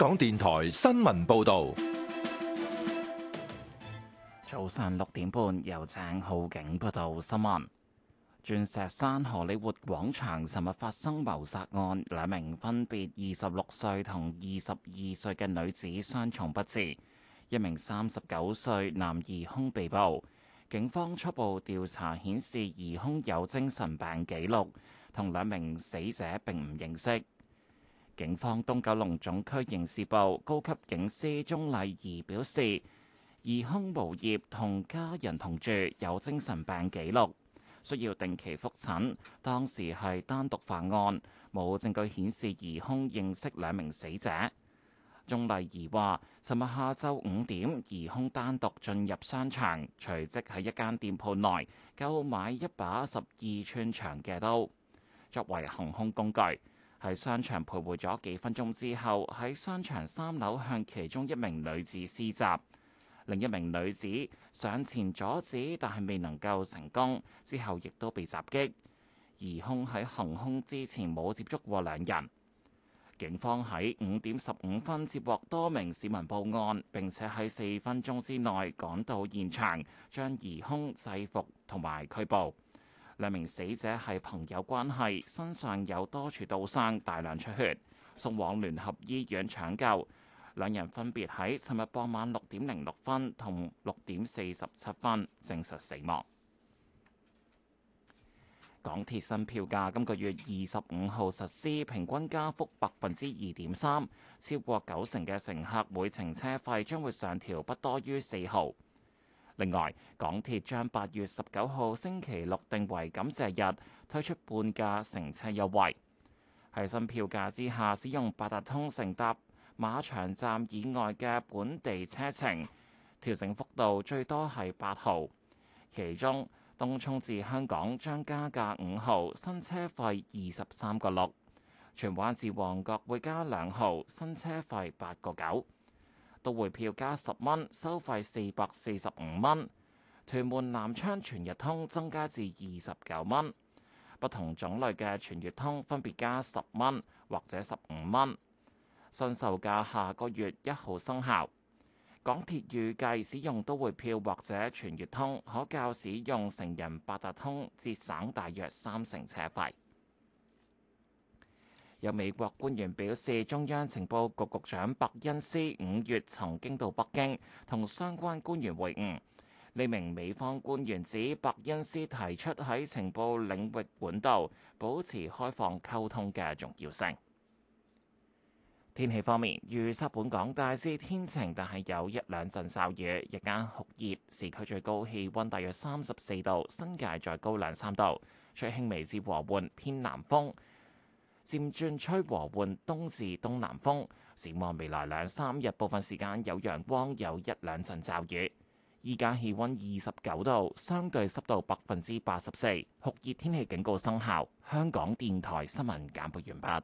香港電台新聞報道：早上六點半，由鄭浩景報道新聞。鑽石山荷里活廣場尋日發生謀殺案，兩名分別二十六歲同二十二歲嘅女子傷重不治，一名三十九歲男疑凶被捕。警方初步調查顯示，疑凶有精神病記錄，同兩名死者並唔認識。警方東九龍總區刑事部高級警司鍾麗儀表示，疑兇無業，同家人同住，有精神病記錄，需要定期覆診。當時係單獨犯案，冇證據顯示疑兇認識兩名死者。鍾麗儀話：尋日下晝五點，疑兇單獨進入商場，隨即喺一間店鋪內購買一把十二寸長嘅刀，作為行兇工具。喺商場徘徊咗幾分鐘之後，喺商場三樓向其中一名女子施襲，另一名女子上前阻止，但係未能夠成功，之後亦都被襲擊。疑兇喺行兇之前冇接觸過兩人。警方喺五點十五分接獲多名市民報案，並且喺四分鐘之內趕到現場，將疑兇制服同埋拘捕。兩名死者係朋友關係，身上有多處刀傷，大量出血，送往聯合醫院搶救。兩人分別喺尋日傍晚六點零六分同六點四十七分證實死亡。港鐵新票價今個月二十五號實施，平均加幅百分之二點三，超過九成嘅乘客每程車費將會上調不多於四毫。另外，港鐵將八月十九號星期六定為感謝日，推出半價乘車優惠。喺新票價之下，使用八達通乘搭馬場站以外嘅本地車程，調整幅度最多係八毫。其中，東涌至香港將加價五毫，新車費二十三個六；荃灣至旺角會加兩毫，新車費八個九。都會票加十蚊，收費四百四十五蚊。屯門南昌全月通增加至二十九蚊，不同種類嘅全月通分別加十蚊或者十五蚊。新售價下個月一號生效。港鐵預計使用都會票或者全月通，可較使用成人八達通，節省大約三成車費。有美國官員表示，中央情報局局長伯恩斯五月曾經到北京同相關官員會晤。呢名美方官員指，伯恩斯提出喺情報領域管道保持開放溝通嘅重要性。天氣方面，預測本港大致天晴，但係有一兩陣驟雨，日間酷熱，市區最高氣温大約三十四度，新界再高兩三度，吹輕微至和緩偏南風。漸轉吹和緩東至東南風，展望未來兩三日部分時間有陽光，有一兩陣驟雨。依家氣温二十九度，相對濕度百分之八十四，酷熱天氣警告生效。香港電台新聞簡報完畢。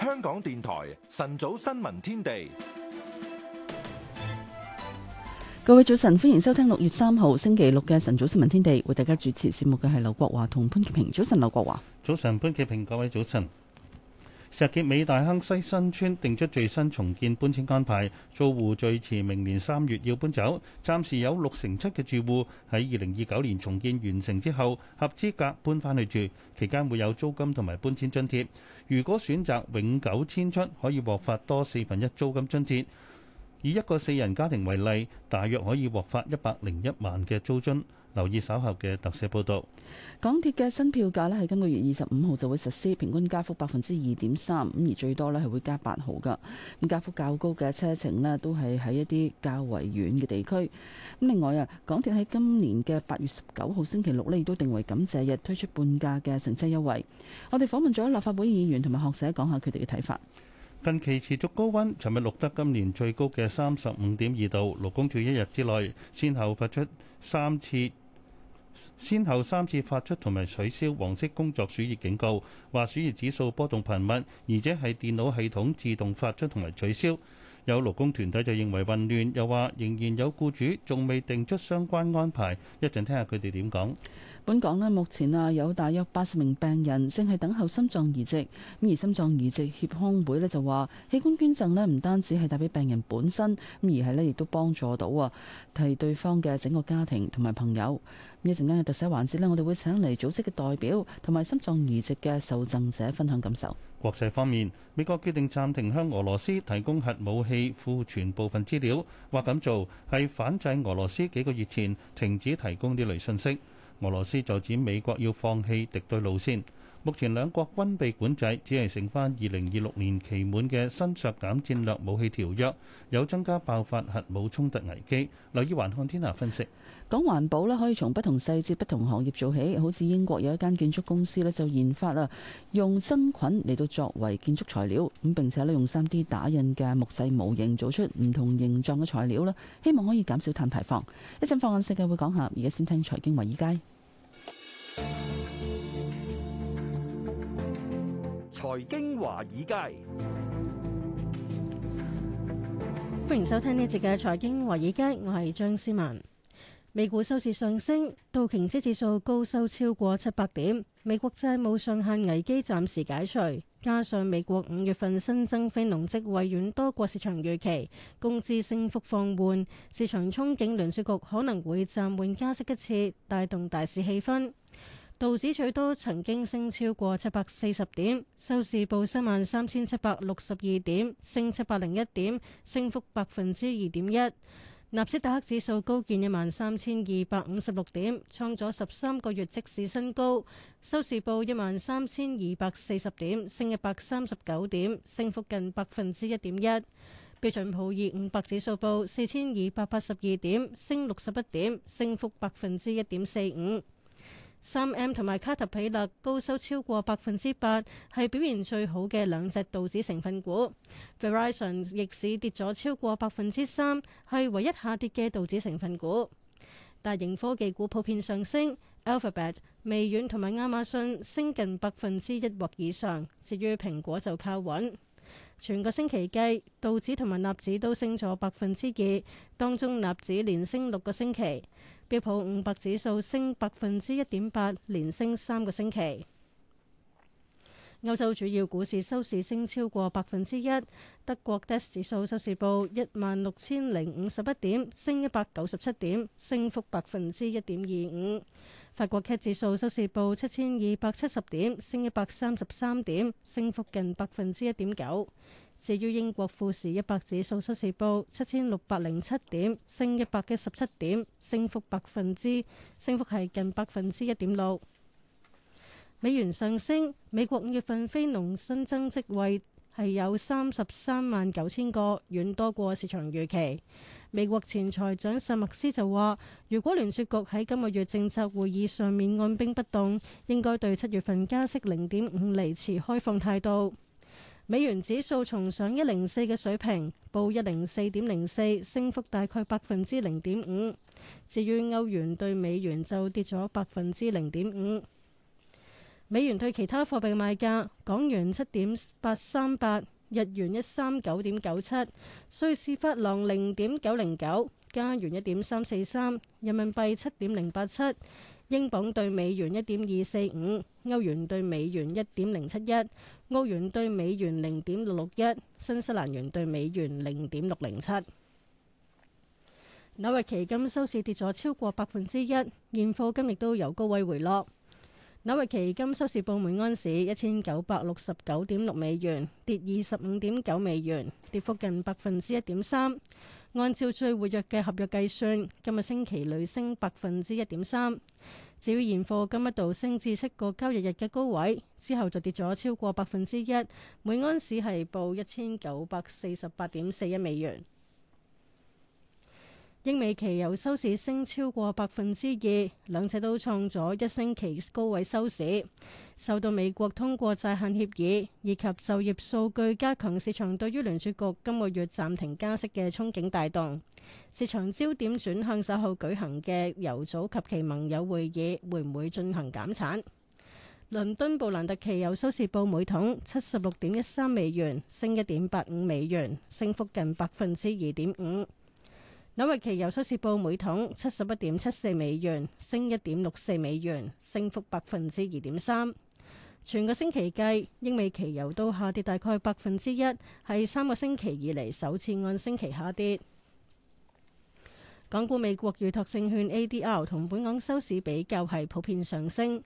香港電台晨早新聞天地。各位早晨，歡迎收聽六月三號星期六嘅晨早新聞天地，為大家主持節目嘅係劉國華同潘潔平。早晨，劉國華。早晨，潘潔平。各位早晨。石硤尾大坑西新村定出最新重建搬遷安排，租戶最遲明年三月要搬走。暫時有六成七嘅住戶喺二零二九年重建完成之後合資格搬翻去住，期間會有租金同埋搬遷津貼。如果選擇永久遷出，可以獲發多四分一租金津貼。以一個四人家庭為例，大約可以獲發一百零一萬嘅租津。留意稍後嘅特寫報導。港鐵嘅新票價呢，喺今個月二十五號就會實施，平均加幅百分之二點三，咁而最多呢係會加八毫噶。咁加幅較高嘅車程呢，都係喺一啲較為遠嘅地區。咁另外啊，港鐵喺今年嘅八月十九號星期六呢，亦都定為感謝日推出半價嘅乘車優惠。我哋訪問咗立法會議員同埋學者講下佢哋嘅睇法。近期持續高温，尋日錄得今年最高嘅三十五點二度。勞工處一日之內先後發出三次，先後三次發出同埋取消黃色工作暑熱警告，話暑熱指數波動頻密，而且係電腦系統自動發出同埋取消。有勞工團體就認為混亂，又話仍然有僱主仲未定出相關安排。一陣聽下佢哋點講。本港咧，目前啊有大約八十名病人正係等候心臟移植。咁而心臟移植協康會咧就話，器官捐贈咧唔單止係帶俾病人本身，咁而係咧亦都幫助到啊，替對方嘅整個家庭同埋朋友。一陣間嘅特寫環節咧，我哋會請嚟組織嘅代表同埋心臟移植嘅受贈者分享感受。國際方面，美國決定暫停向俄羅斯提供核武器庫存部分資料，話咁做係反制俄羅斯幾個月前停止提供呢類信息。俄羅斯就指美國要放棄敵對路線。目前兩國軍備管制，只係剩翻二零二六年期滿嘅新削減戰略武器條約，有增加爆發核武衝突危機。留意環看天下分析，講環保咧，可以從不同細節、不同行業做起。好似英國有一間建築公司咧，就研發啊，用真菌嚟到作為建築材料，咁並且咧用三 D 打印嘅木製模型做出唔同形狀嘅材料啦，希望可以減少碳排放。一陣放眼世界會講下，而家先聽財經環意街。財經華爾街，歡迎收聽呢一節嘅財經華爾街，我係張思文。美股收市上升，道瓊斯指數高收超過七百點。美國債務上限危機暫時解除，加上美國五月份新增非農職位遠多過市場預期，工資升幅放緩，市場憧憬聯儲局可能會暫緩加息一次，帶動大市氣氛。道指最多曾經升超過七百四十點，收市報三萬三千七百六十二點，升七百零一點，升幅百分之二點一。納斯達克指數高見一萬三千二百五十六點，創咗十三個月即市新高，收市報一萬三千二百四十點，升一百三十九點，升幅近百分之一點一。標準普爾五百指數報四千二百八十二點，升六十一點，升幅百分之一點四五。三 M 同埋卡特彼勒高收超過百分之八，係表現最好嘅兩隻道指成分股。Verizon 逆市跌咗超過百分之三，係唯一下跌嘅道指成分股。大型科技股普遍上升，Alphabet、微軟同埋亞馬遜升近百分之一或以上，至於蘋果就靠穩。全個星期計，道指同埋納指都升咗百分之二，當中納指連升六個星期。標普五百指數升百分之一點八，連升三個星期。歐洲主要股市收市升超過百分之一，德國 DAX 指數收市報一萬六千零五十一點，升一百九十七點，升幅百分之一點二五。法國 CAC 指數收市報七千二百七十點，升一百三十三點，升幅近百分之一點九。至於英國富時一百指數收市報七千六百零七點，升一百一十七點，升幅百分之，升幅係近百分之一點六。美元上升，美國五月份非農新增職位係有三十三萬九千個，遠多過市場預期。美國前財長薩默斯就話：如果聯儲局喺今個月政策會議上面按兵不動，應該對七月份加息零點五厘持開放態度。美元指數從上一零四嘅水平報一零四點零四，升幅大概百分之零點五。至於歐元對美元就跌咗百分之零點五。美元對其他貨幣嘅賣價：港元七點八三八，日元一三九點九七，瑞士法郎零點九零九，加元一點三四三，人民幣七點零八七。英鎊兌美元一點二四五，歐元兌美元一點零七一，澳元兌美元零點六六一，新西蘭元兌美元零點六零七。紐約期金收市跌咗超過百分之一，現貨金亦都由高位回落。紐約期金收市報每安士一千九百六十九點六美元，跌二十五點九美元，跌幅近百分之一點三。按照最活躍嘅合約計算，今日星期累升百分之一點三。只要現貨金一度升至七個交易日嘅高位之後，就跌咗超過百分之一，每安士係報一千九百四十八點四一美元。英美期油收市升超過百分之二，兩者都創咗一星期高位收市。受到美國通過債限協議以及就業數據加強市場對於聯儲局今個月暫停加息嘅憧憬帶動，市場焦點轉向稍後舉行嘅油組及其盟友會議，會唔會進行減產？倫敦布蘭特期油收市報每桶七十六點一三美元，升一點八五美元，升幅近百分之二點五。紐約期油收市報每桶七十一點七四美元，升一點六四美元，升幅百分之二點三。全個星期計，英美期油都下跌大概百分之一，係三個星期以嚟首次按星期下跌。港股美國預託證券 ADR 同本港收市比較係普遍上升。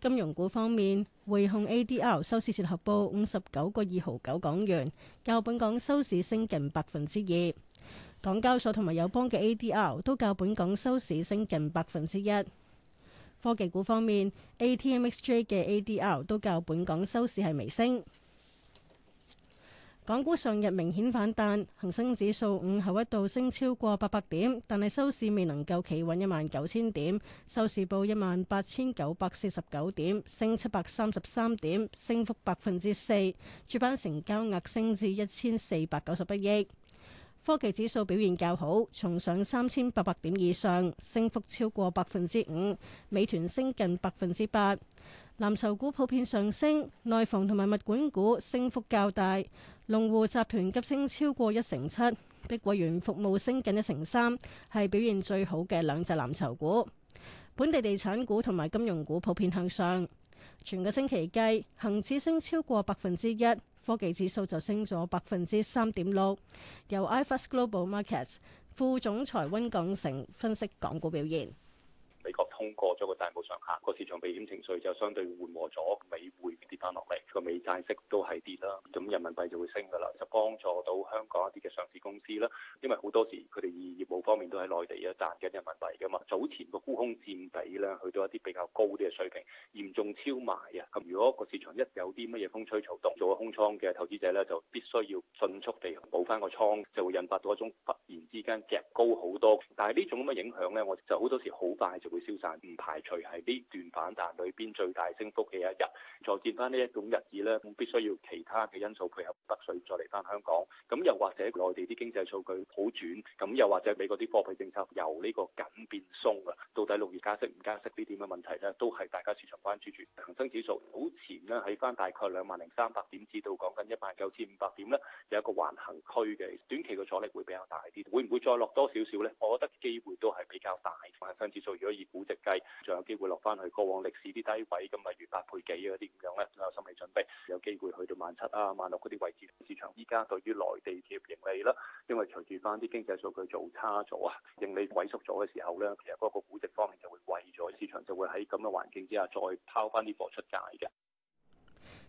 金融股方面，匯控 ADR 收市折合報五十九個二毫九港元，較本港收市升近百分之二。港交所同埋友邦嘅 ADR 都較本港收市升近百分之一。科技股方面，ATMXJ 嘅 ADR 都較本港收市係微升。港股上日明顯反彈，恒生指數午後一度升超過八百點，但係收市未能夠企穩一萬九千點，收市報一萬八千九百四十九點，升七百三十三點，升幅百分之四。主板成交額升至一千四百九十一億。科技指數表現較好，重上三千八百點以上，升幅超過百分之五。美團升近百分之八，藍籌股普遍上升，內房同埋物管股升幅較大。龍湖集團急升超過一成七，碧桂園服務升近一成三，係表現最好嘅兩隻藍籌股。本地地產股同埋金融股普遍向上，全個星期計，恒指升超過百分之一。科技指數就升咗百分之三點六，由 iFAST Global Markets 副總裁溫港成分析港股表現。通過咗個債務上限，個市場避險情緒就相對緩和咗，美匯跌翻落嚟，個美債息都係跌啦，咁人民幣就會升㗎喇，就幫助到香港一啲嘅上市公司啦。因為好多時佢哋業務方面都喺內地啊賺緊人民幣㗎嘛，早前個沽空佔比咧去到一啲比較高啲嘅水平，嚴重超賣啊！咁如果個市場一有啲乜嘢風吹草動，做咗空倉嘅投資者咧，就必須要迅速地補翻個倉，就會引發到一種突然之間夾高好多。但係呢種咁嘅影響咧，我就好多時好快就會消散。唔排除係呢段反彈裏邊最大升幅嘅一日，再見翻呢一種日子咧，咁必須要其他嘅因素配合北水再嚟翻香港，咁又或者內地啲經濟數據好轉，咁又或者美國啲貨幣政策由呢個緊變鬆啊，到底六月加息唔加息呢點嘅問題咧，都係大家市場關注住。恒生指數早前呢，喺翻大概兩萬零三百點至到講緊一萬九千五百點呢，有一個橫行區嘅，短期嘅阻力會比較大啲，會唔會再落多少少呢？我覺得機會都係比較大。恆生指數如果以估值，計仲有機會落翻去過往歷史啲低位，咁例如八倍幾嗰啲咁樣咧，都有心理準備。有機會去到萬七啊、萬六嗰啲位置。市場依家對於內地企業盈利啦，因為隨住翻啲經濟數據做差咗啊，盈利萎縮咗嘅時候咧，其實嗰個估值方面就會貴咗，市場就會喺咁嘅環境之下再拋翻啲貨出街嘅。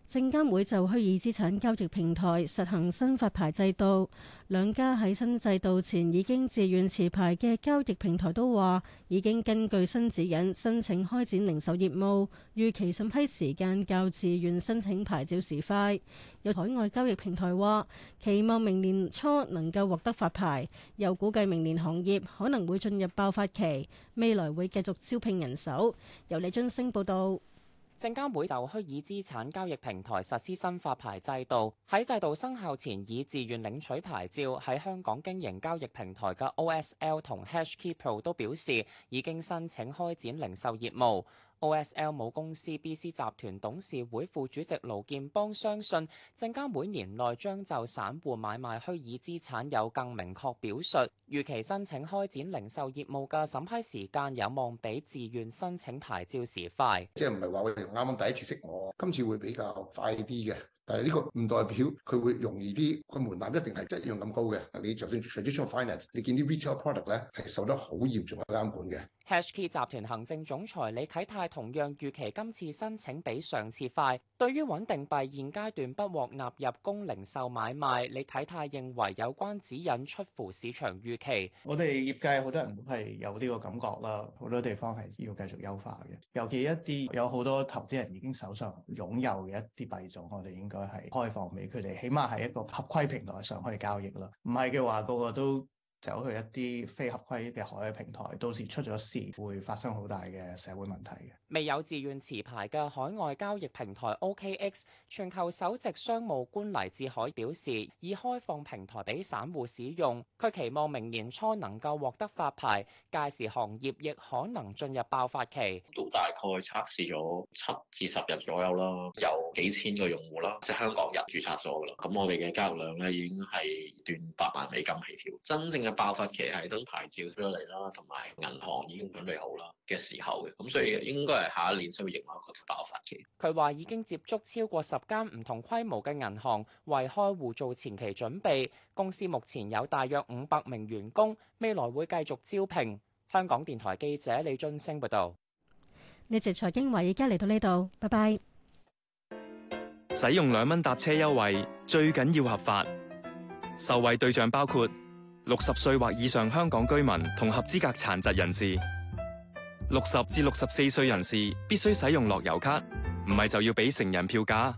證監會就虛擬資產交易平台實行新發牌制度，兩家喺新制度前已經自願持牌嘅交易平台都話，已經根據新指引申請開展零售業務，預期審批時間較自願申請牌照時快。有海外交易平台話，期望明年初能夠獲得發牌，又估計明年行業可能會進入爆發期，未來會繼續招聘人手。由李津升報道。證監會就虛擬資產交易平台實施新發牌制度，喺制度生效前已自願領取牌照喺香港經營交易平台嘅 OSL 同 HashKey Pro 都表示已經申請開展零售業務。OSL 母公司 BC 集團董事會副主席盧建邦相信，證監會年內將就散戶買賣虛擬資產有更明確表述。預期申請開展零售業務嘅審批時間有望比自願申請牌照時快。即係唔係話我哋啱啱第一次識我？今次會比較快啲嘅，但係呢個唔代表佢會容易啲，個門檻一定係一樣咁高嘅。你就算 traditional finance，你見啲 retail product 咧係受得好嚴重嘅監管嘅。HashKey 集團行政總裁李啟泰同樣預期今次申請比上次快。對於穩定幣現階段不獲納入供零售買賣，李啟泰認為有關指引出乎市場預期。我哋業界好多人係有呢個感覺啦，好多地方係要繼續優化嘅，尤其一啲有好多投資人已經手上。擁有嘅一啲幣種，我哋應該係開放俾佢哋，起碼係一個合規平台上去交易咯。唔係嘅話，個個都走去一啲非合規嘅海外平台，到時出咗事會發生好大嘅社會問題嘅。未有自願持牌嘅海外交易平台 OKX 全球首席商務官黎志海表示，已開放平台俾散戶使用。佢期望明年初能夠獲得發牌，屆時行業亦可能進入爆發期。都大概測試咗七至十日左右啦，有幾千個用戶啦，即係香港人注冊咗噶啦。咁我哋嘅交易量咧，已經係斷百萬美金起跳，真正嘅。爆發期係等牌照出嚟啦，同埋銀行已經準備好啦嘅時候嘅咁，所以應該係下一年先會迎來一個爆發期。佢話已經接觸超過十間唔同規模嘅銀行，為開戶做前期準備。公司目前有大約五百名員工，未來會繼續招聘。香港電台記者李俊升報道。呢節財經而家嚟到呢度，拜拜。使用兩蚊搭車優惠，最緊要合法，受惠對象包括六十歲或以上香港居民同合資格殘疾人士，六十至六十四歲人士必須使用樂悠咭，唔係就要俾成人票價。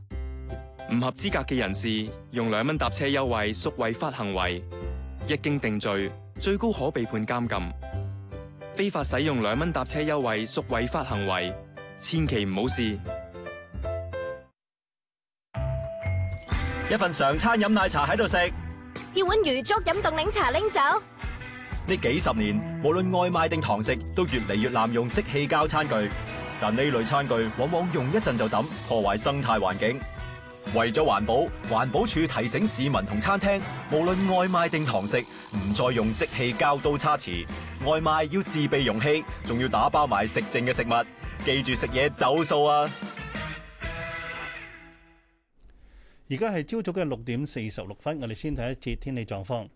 唔合資格嘅人士用兩蚊搭車優惠屬違法行為，一經定罪，最高可被判監禁。非法使用兩蚊搭車優惠屬違法行為，千祈唔好試。一份常餐飲奶茶喺度食。要碗魚粥飲凍檸茶拎走。呢幾十年無論外賣定堂食都越嚟越濫用即棄膠餐具，但呢類餐具往往用一陣就抌，破壞生態環境。為咗環保，環保署提醒市民同餐廳，無論外賣定堂食，唔再用即棄膠刀叉匙。外賣要自備容器，仲要打包埋食剩嘅食物。記住食嘢走塑啊！而家係朝早嘅六點四十六分，我哋先睇一節天氣狀況。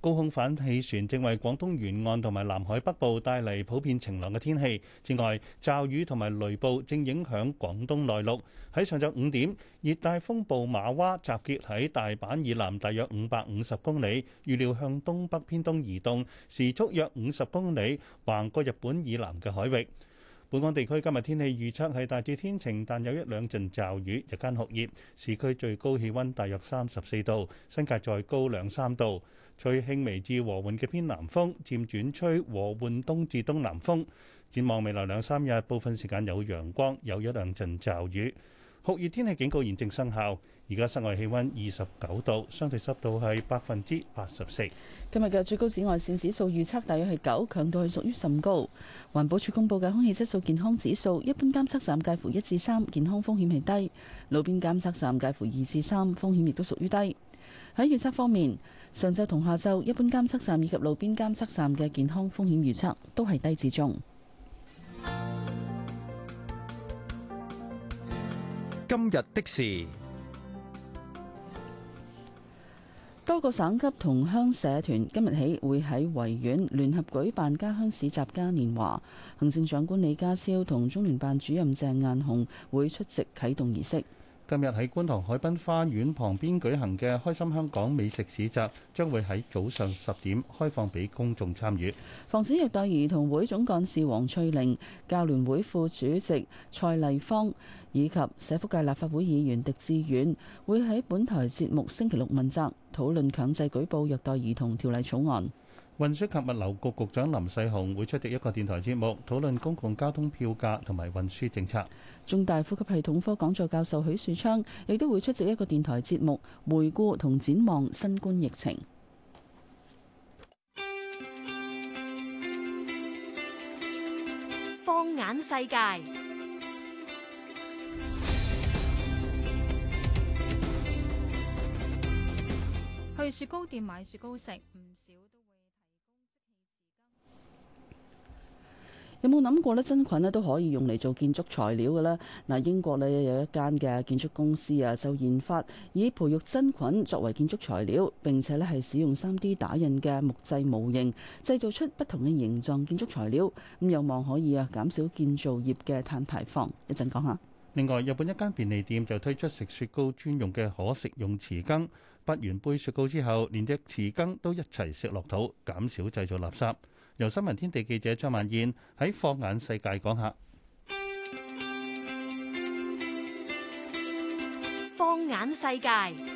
高空反氣旋正為廣東沿岸同埋南海北部帶嚟普遍晴朗嘅天氣。此外，驟雨同埋雷暴正影響廣東內陸。喺上晝五點，熱帶風暴馬娃集結喺大阪以南大約五百五十公里，預料向東北偏東移動，時速約五十公里，橫過日本以南嘅海域。本港地區今日天，天氣預測係大致天晴，但有一兩陣驟雨。日間酷熱，市區最高氣温大約三十四度，新界再高兩三度。吹輕微至和緩嘅偏南風，漸轉吹和緩東至東南風。展望未來兩三日，部分時間有陽光，有一兩陣驟雨。酷熱天氣警告現正生效。而家室外氣溫二十九度，相對濕度係百分之八十四。今日嘅最高紫外線指數預測大約係九，強度係屬於甚高。環保署公布嘅空氣質素健康指數，一般監測站介乎一至三，健康風險係低；路邊監測站介乎二至三，風險亦都屬於低。喺預測方面，上晝同下晝，一般監測站以及路邊監測站嘅健康風險預測都係低至中。今日的事。多個省級同鄉社團今日起會喺維園聯合舉辦家鄉市集嘉年華。行政長官李家超同中聯辦主任鄭雁雄會出席啟動儀式。今日喺觀塘海濱花園旁邊舉行嘅開心香港美食市集，將會喺早上十點開放俾公眾參與。防止虐待兒童會總幹事黃翠玲、教聯會副主席蔡麗芳以及社福界立法會議員狄志遠會喺本台節目星期六問責。討論強制舉報虐待兒童條例草案。運輸及物流局局長林世雄會出席一個電台節目，討論公共交通票價同埋運輸政策。中大呼吸系統科講座教授許樹昌亦都會出席一個電台節目，回顧同展望新冠疫情。放眼世界。去雪糕店買雪糕食，唔少都會提供即棄匙羹。 有冇諗過咧？真菌咧都可以用嚟做建築材料嘅呢？嗱，英國咧有一間嘅建築公司啊,就研發以培育真菌作為建築材料，並且咧係使用三 D 打印嘅木製模型製造出不同嘅形狀建築材料，咁有望可以啊減少建造業嘅碳排放。講一陣講下。另外，日本一間便利店就推出食雪糕專用嘅可食用匙羹。畢完杯雪糕之後，連隻匙羹都一齊食落肚，減少製造垃圾。由新聞天地記者張萬燕喺放眼世界講下。放眼世界。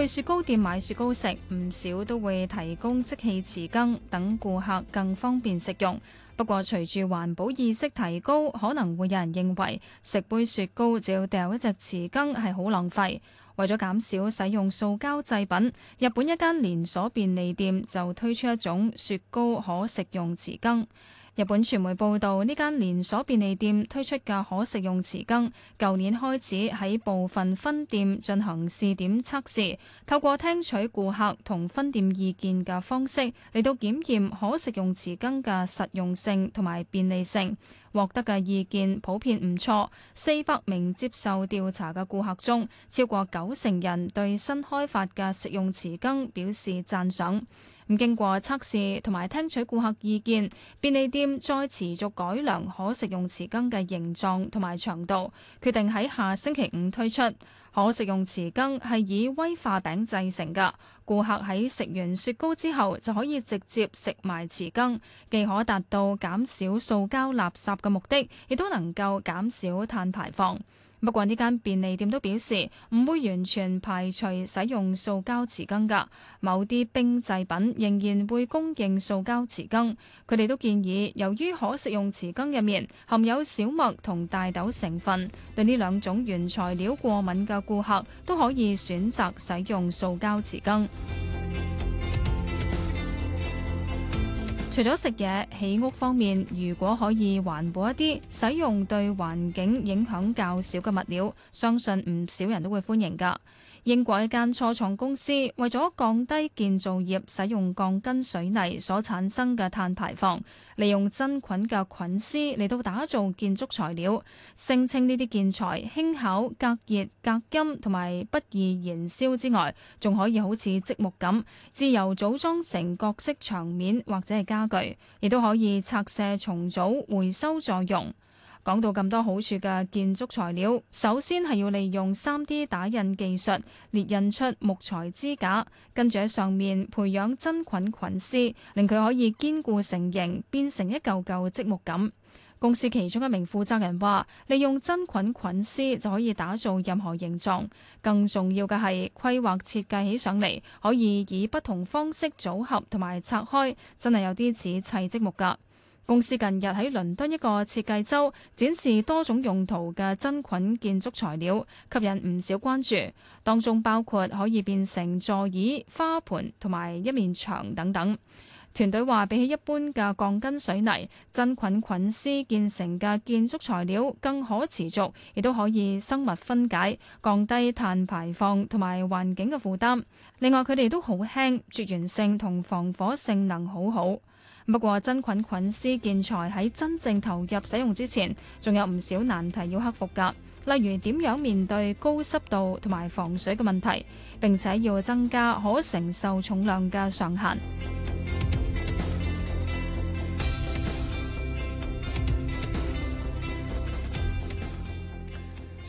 去雪糕店買雪糕食，唔少都會提供即棄匙羹，等顧客更方便食用。不過，隨住環保意識提高，可能會有人認為食杯雪糕就要掉一隻匙羹係好浪費。為咗減少使用塑膠製品，日本一間連鎖便利店就推出一種雪糕可食用匙羹。日本傳媒報道，呢間連鎖便利店推出嘅可食用匙羹，舊年開始喺部分分店進行試點測試，透過聽取顧客同分店意見嘅方式，嚟到檢驗可食用匙羹嘅實用性同埋便利性。獲得嘅意見普遍唔錯，四百名接受調查嘅顧客中，超過九成人對新開發嘅食用匙羹表示讚賞。經過測試同埋聽取顧客意見，便利店再持續改良可食用匙羹嘅形狀同埋長度，決定喺下星期五推出。可食用匙羹係以威化餅製成嘅，顧客喺食完雪糕之後就可以直接食埋匙羹，既可達到減少塑膠垃圾嘅目的，亦都能夠減少碳排放。不過呢間便利店都表示唔會完全排除使用塑膠匙羹㗎，某啲冰製品仍然會供應塑膠匙羹。佢哋都建議，由於可食用匙羹入面含有小麥同大豆成分，對呢兩種原材料過敏嘅顧客都可以選擇使用塑膠匙羹。除咗食嘢，起屋方面如果可以環保一啲，使用對環境影響較少嘅物料，相信唔少人都會歡迎㗎。英國一間初創公司為咗降低建造業使用鋼筋水泥所產生嘅碳排放，利用真菌嘅菌絲嚟到打造建築材料，聲稱呢啲建材輕巧、隔熱、隔音同埋不易燃燒之外，仲可以好似積木咁自由組裝成各式場面或者係傢俱，亦都可以拆卸重組回收再用。講到咁多好處嘅建築材料，首先係要利用 3D 打印技術列印出木材支架，跟住喺上面培養真菌菌絲，令佢可以堅固成型，變成一嚿嚿積木噉。公司其中一名負責人話，利用真菌菌絲就可以打造任何形狀，更重要嘅係規劃設計起上嚟，可以以不同方式組合同埋拆開，真係有啲似砌積木㗎。公司近日喺倫敦一個設計周展示多種用途嘅真菌建築材料，吸引唔少關注。當中包括可以變成座椅、花盆同埋一面牆等等。團隊話，比起一般嘅鋼筋水泥，真菌菌絲建成嘅建築材料更可持續，亦都可以生物分解，降低碳排放同埋環境嘅負擔，另外，佢哋都好輕，絕緣性同防火性能好好。不過真菌菌絲建材喺真正投入使用之前，仲有唔少難題要克服㗎，例如點樣面對高濕度同埋防水嘅問題，並且要增加可承受重量嘅上限。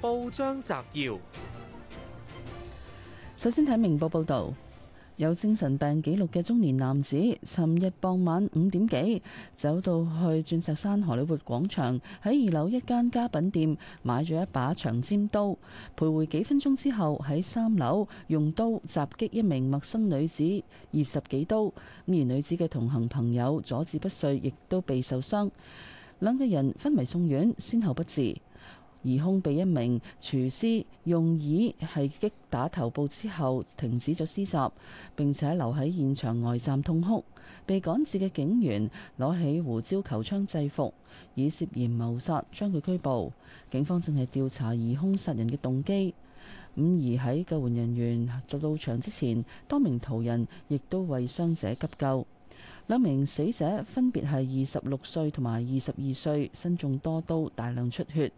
報章摘要：首先睇明報報道，有精神病記錄嘅中年男子，尋日傍晚五點幾，走到去鑽石山荷里活廣場，喺二樓一間家品店買咗一把長尖刀，徘徊幾分鐘之後，喺三樓用刀襲擊一名陌生女子二十幾刀，而女子嘅同行朋友阻止不遂，亦都被受傷，兩個人昏迷送院，先後不治。疑凶被一名廚師用椅係擊打頭部之後停止咗施襲，並且留喺現場外站痛哭。被趕至嘅警員攞起胡椒球槍制服，以涉嫌謀殺將佢拘捕。警方正係調查疑凶殺人嘅動機，而喺救援人員到場之前，多名途人亦都為傷者急救。兩名死者分別係二十六歲同埋二十二歲，身中多刀，大量出血。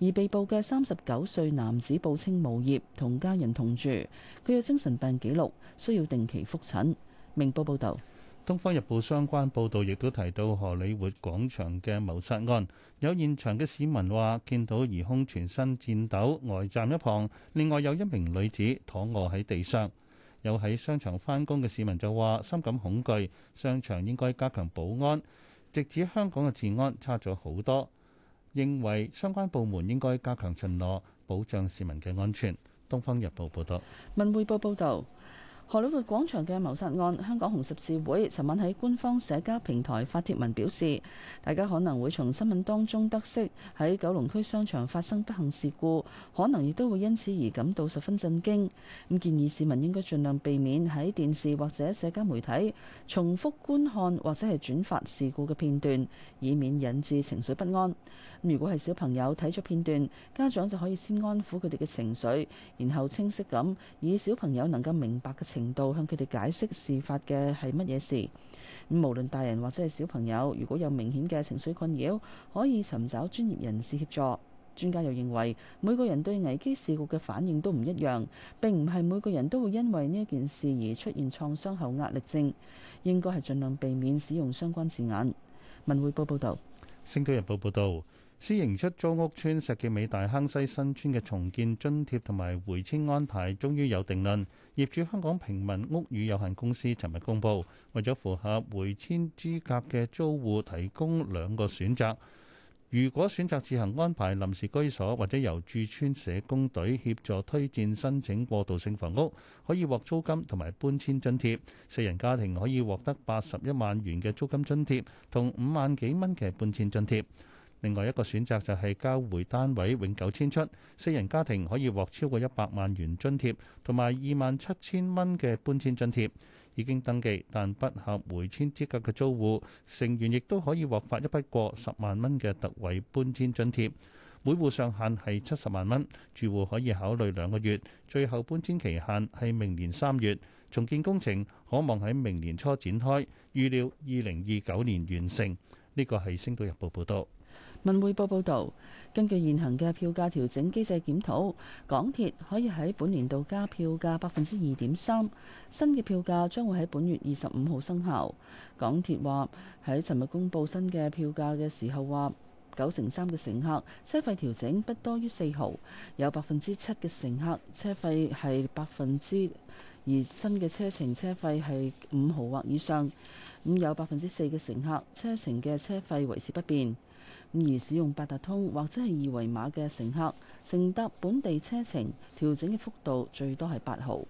而被捕嘅三十九歲男子報稱無業，同家人同住。佢有精神病記錄，需要定期複診。明報報道，東方日報相關報道亦都提到荷里活廣場嘅謀殺案。有現場嘅市民話見到疑凶全身顫抖，呆站一旁。另外有一名女子躺卧喺地上。有喺商場翻工嘅市民就話深感恐懼，商場應該加強保安。直指香港嘅治安差咗好多。認為相關部門應該加強巡邏，保障市民嘅安全。《東方日報》報道。《文匯報》報道，荷里活廣場嘅謀殺案，香港紅十字會尋晚喺官方社交平台發帖文表示，大家可能會從新聞當中得悉喺九龍區商場發生不幸事故，可能亦都會因此而感到十分震驚。咁建議市民應該盡量避免喺電視或者社交媒體重複觀看或者係轉發事故嘅片段，以免引致情緒不安。如果係小朋友睇出片段，家長就可以先安撫佢哋嘅情緒，然後清晰咁以小朋友能夠明白嘅程度向佢哋解釋事發嘅係乜嘢事。咁無論大人或者係小朋友，如果有明顯嘅情緒困擾，可以尋找專業人士協助。專家又認為，每個人對危機事故嘅反應都唔一樣，並唔係每個人都會因為呢一件事而出現創傷後壓力症。應該係盡量避免使用相關字眼。文匯報報道。《星島日報》報道。私營出租屋邨石記美大坑西新村嘅重建津貼同埋回遷安排終於有定論。業主香港平民屋宇有限公司尋日公佈，為咗符合回遷資格嘅租戶提供兩個選擇。如果選擇自行安排臨時居所，或者由駐村社工隊協助推薦申請過渡性房屋，可以獲租金同埋搬遷津貼。四人家庭可以獲得八十一萬元嘅租金津貼同五萬幾蚊嘅搬遷津貼。另外一個選擇就係交回單位永久遷出，四人家庭可以獲超過一百萬元津貼，同埋二萬七千蚊嘅搬遷津貼。已經登記但不合回遷資格嘅租戶成員，亦都可以獲發一筆過十萬蚊嘅特惠搬遷津貼，每戶上限係七十萬蚊。住戶可以考慮兩個月，最後搬遷期限係明年三月。重建工程可望喺明年初展開，預料二零二九年完成。呢個係《星島日報》報道。文匯報報導，根據現行嘅票價調整機制檢討，港鐵可以喺本年度加票價百分之二點三。新嘅票價將會喺本月二十五號生效。港鐵話喺尋日公布新嘅票價嘅時候，話九成三嘅乘客車費調整不多於四毫，有百分之七嘅乘客車費係百分之八，而新嘅車程車費係五毫或以上。咁有百分之四嘅乘客車程嘅車費維持不變。而使用八達通或者係二維碼嘅乘客，乘搭本地車程調整嘅幅度最多係八毫。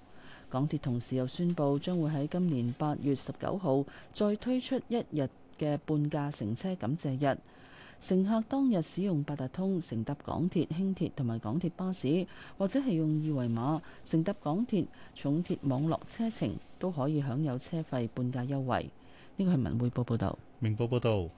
港鐵同時又宣布，將會喺今年八月十九號再推出一日嘅半價乘車感謝日。乘客當日使用八達通乘搭港鐵、輕鐵同埋港鐵巴士，或者係用二維碼乘搭港鐵、重鐵網絡車程，都可以享有車費半價優惠。呢個係文匯報報道。明報報導。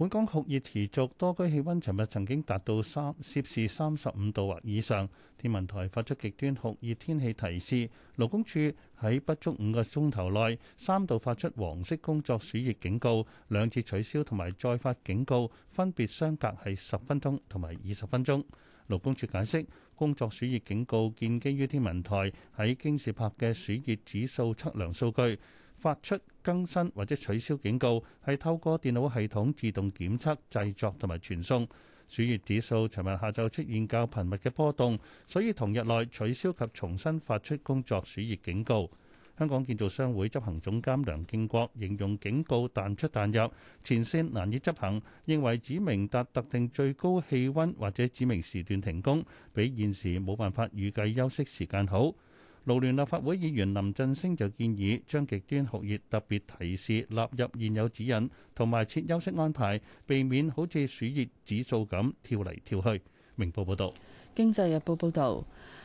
本港酷熱持續，多區氣温昨日曾經達到三攝氏三十五度或以上。天文台發出極端酷熱天氣提示，勞工處喺不足五個鐘頭內三度發出黃色工作暑熱警告，兩次取消同埋再發警告，分別相隔係十分鐘同埋二十分鐘。勞工處解釋，工作暑熱警告建基於天文台喺京士柏嘅暑熱指數測量數據。發出更新或者取消警告係透過電腦系統自動檢測、製作同埋傳送。暑熱指數尋日下晝出現較頻密嘅波動，所以同日內取消及重新發出工作暑熱警告。香港建造商會執行總監梁敬國形容警告彈出彈入，前線難以執行，認為指明達特定最高氣温或者指明時段停工，比現時冇辦法預計休息時間好。勞聯立法會議員林振昇就建議將極端酷熱特別提示納入現有指引，同埋設休息安排，避免好似暑熱指數咁跳嚟跳去。明報報道，經濟日報報道。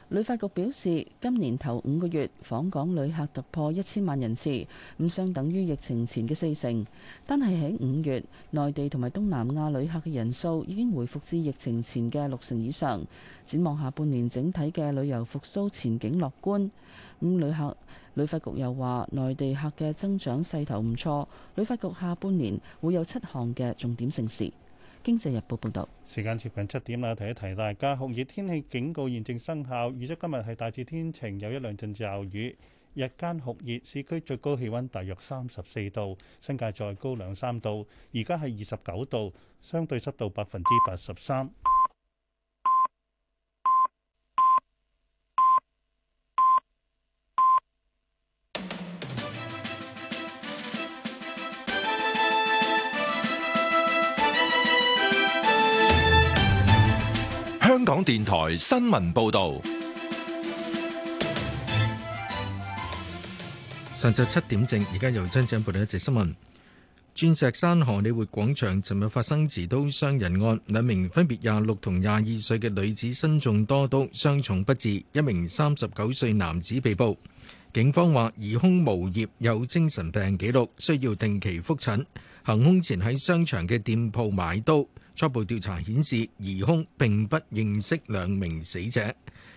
旅發局表示，今年頭五個月訪港旅客突破一千萬人次，唔相等於疫情前嘅四成。但係喺五月，內地同埋東南亞旅客嘅人數已經回復至疫情前嘅六成以上。展望下半年整體嘅旅遊復甦前景樂觀。咁、嗯、旅客，旅發局又話內地客嘅增長勢頭唔錯。旅發局下半年會有七項嘅重點城市。經濟日報報道，時間接近七點啦，提一提大家，酷熱天氣警告現正生效，預測今日係大致天晴，有一兩陣驟雨，日間酷熱，市區最高氣溫大約三十四度，新界再高兩三度，而家係二十九度，相對濕度百分之八十三。香港電台新聞報道，上晝七點正，而家由真正報道一則新聞。鑽石山荷里活廣場尋日發生持刀傷人案，兩名分別廿六同廿二歲嘅女子身中多刀，傷重不治；一名三十九歲男子被捕。警方話，疑兇無業，有精神病記錄，需要定期複診。行兇前喺商場嘅店鋪買刀。初步調查顯示，疑凶並不認識兩名死者。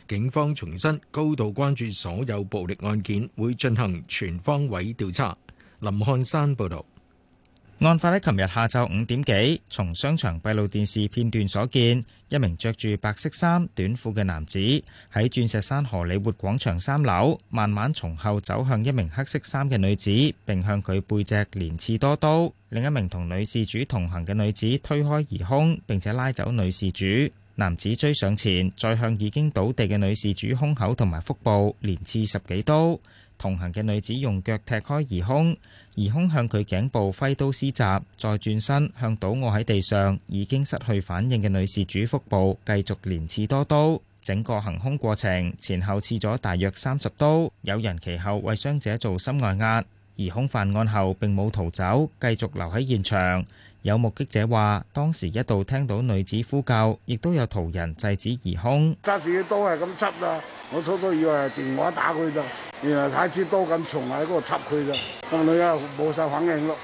警方重申，高度關注所有暴力案件，會進行全方位調查。林漢山報導。案發喺琴日下晝五點幾，從商場閉路電視片段所見，一名着住白色衫短褲嘅男子喺鑽石山荷里活廣場三樓，慢慢從後走向一名黑色衫嘅女子，並向佢背脊連刺多刀。另一名同女事主同行嘅女子推開疑兇，並且拉走女事主。男子追上前，再向已經倒地嘅女事主胸口同埋腹部連刺十幾刀。同行嘅女子用腳踢開疑兇，疑兇向佢頸部揮刀施襲，再轉身向倒臥喺地上，已經失去反應嘅女事主腹部繼續連刺多刀。整個行兇過程前後刺咗大約三十刀。有人其後為傷者做心外壓。疑兇犯案後並冇逃走，繼續留喺現場。有目擊者話，當時一度聽到女子呼救，亦都有途人制止疑凶。揸住啲刀係咁執啦，我初初以為係電話打佢咋，原來太子刀咁重喺嗰度插佢咋，但女啊冇晒反應咯，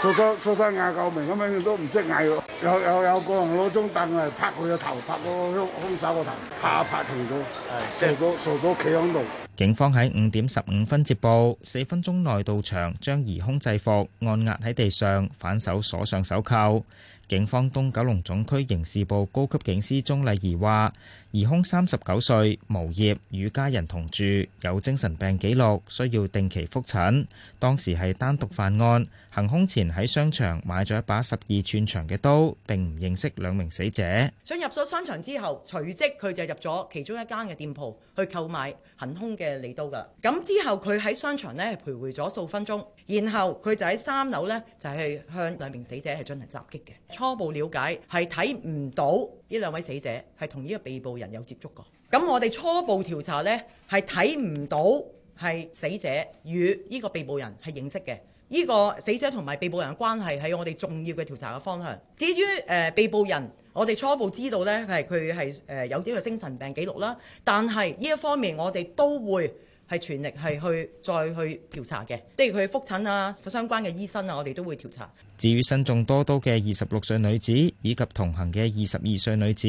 初初初生嗌救命咁樣，都唔識嗌。有有有個人攞張凳嚟拍佢個頭，拍嗰個凶凶手個頭，下拍，拍停咗，傻咗傻咗企響度。警方喺五點十五分接報，四分鐘內到場，將疑兇制服，按壓喺地上，反手鎖上手扣。警方東九龍總區刑事部高級警司鍾麗儀話。疑兇三十九歲，無業，與家人同住，有精神病記錄，需要定期覆診。當時係單獨犯案，行兇前喺商場買咗一把十二寸長嘅刀，並唔認識兩名死者。進入咗商場之後，隨即佢就入咗其中一間嘅店鋪去購買行兇嘅利刀㗎。咁之後佢喺商場呢徘徊咗數分鐘，然後佢就喺三樓呢就係向兩名死者係進行襲擊嘅。初步瞭解係睇唔到。呢兩位死者係同呢個被捕人有接觸過，咁我哋初步調查呢，係睇唔到係死者與呢個被捕人係認識嘅，呢個死者同埋被捕人嘅關係係我哋重要嘅調查嘅方向。至於誒被捕人，我哋初步知道呢係佢係誒有呢個精神病記錄啦，但係呢一方面我哋都會。係全力係去再去調查嘅，即係佢覆診啊，相關嘅醫生啊，我哋都會調查。至於身中多刀嘅二十六歲女子以及同行嘅二十二歲女子，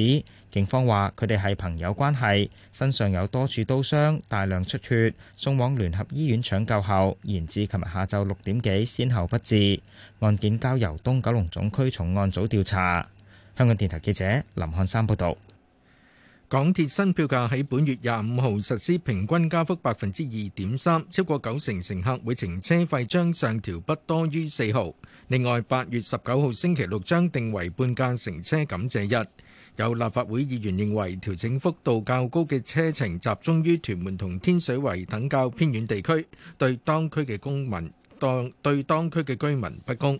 警方話佢哋係朋友關係，身上有多處刀傷，大量出血，送往聯合醫院搶救後，延至琴日下晝六點幾，先後不治。案件交由東九龍總區重案組調查。香港電台記者林漢山報道。港鐵新票價喺本月廿五號實施，平均加幅百分之二點三，超過九成乘客每程車費將上調不多於四毫。另外，八月十九號星期六將定為半價乘車感謝日。有立法會議員認為調整幅度較高嘅車程集中於屯門同天水圍等較偏遠地區，對當區嘅公民，當對當區嘅居民不公。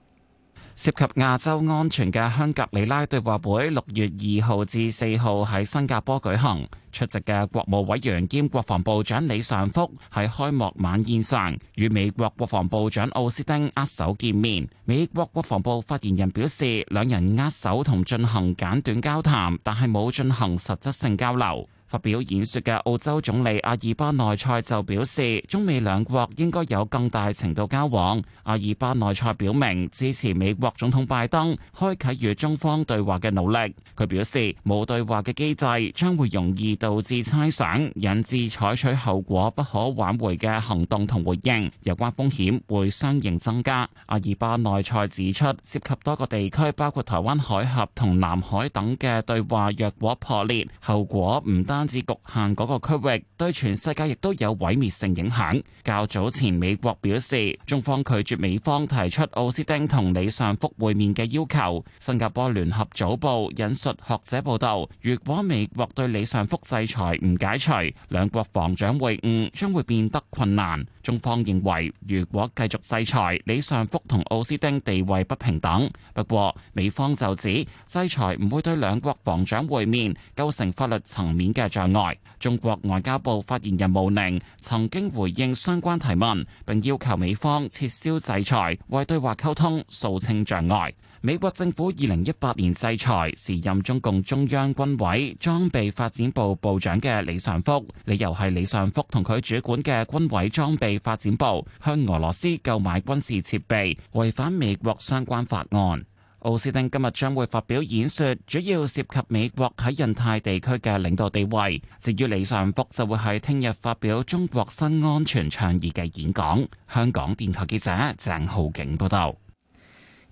涉及亞洲安全嘅香格里拉對話會六月二號至四號喺新加坡舉行，出席嘅國務委員兼國防部長李尚福喺開幕晚宴上與美國國防部長奧斯汀握手見面。美國國防部發言人表示，兩人握手同進行簡短交談，但係冇進行實質性交流。發表演說嘅澳洲總理阿爾巴內塞就表示，中美兩國應該有更大程度交往。阿爾巴內塞表明支持美國總統拜登開啟與中方對話嘅努力。佢表示，冇對話嘅機制將會容易導致猜想，引致採取後果不可挽回嘅行動同回應，有關風險會相應增加。阿爾巴內塞指出，涉及多個地區，包括台灣海峽同南海等嘅對話，若果破裂，後果唔單限制局限嗰個區域，對全世界亦都有毀滅性影響。較早前美國表示，中方拒絕美方提出奧斯汀同李尚福會面嘅要求。新加坡聯合早報引述學者報道，如果美國對李尚福制裁唔解除，兩國防長會晤將會變得困難。中方認為，如果繼續制裁李尚福同奧斯汀地位不平等。不過，美方就指制裁唔會對兩國防長會面構成法律層面嘅障礙。中國外交部發言人毛寧曾經回應相關提問，並要求美方撤銷制裁，為對話溝通掃清障礙。美國政府二零一八年制裁時任中共中央軍委裝備發展部部長嘅李尚福，理由係李尚福同佢主管嘅軍委裝備發展部向俄羅斯購買軍事設備，違反美國相關法案。奧斯丁今日將會發表演說，主要涉及美國喺印太地區嘅領導地位。至於李尚福，就會喺聽日發表中國新安全倡議嘅演講。香港電台記者鄭浩景報道。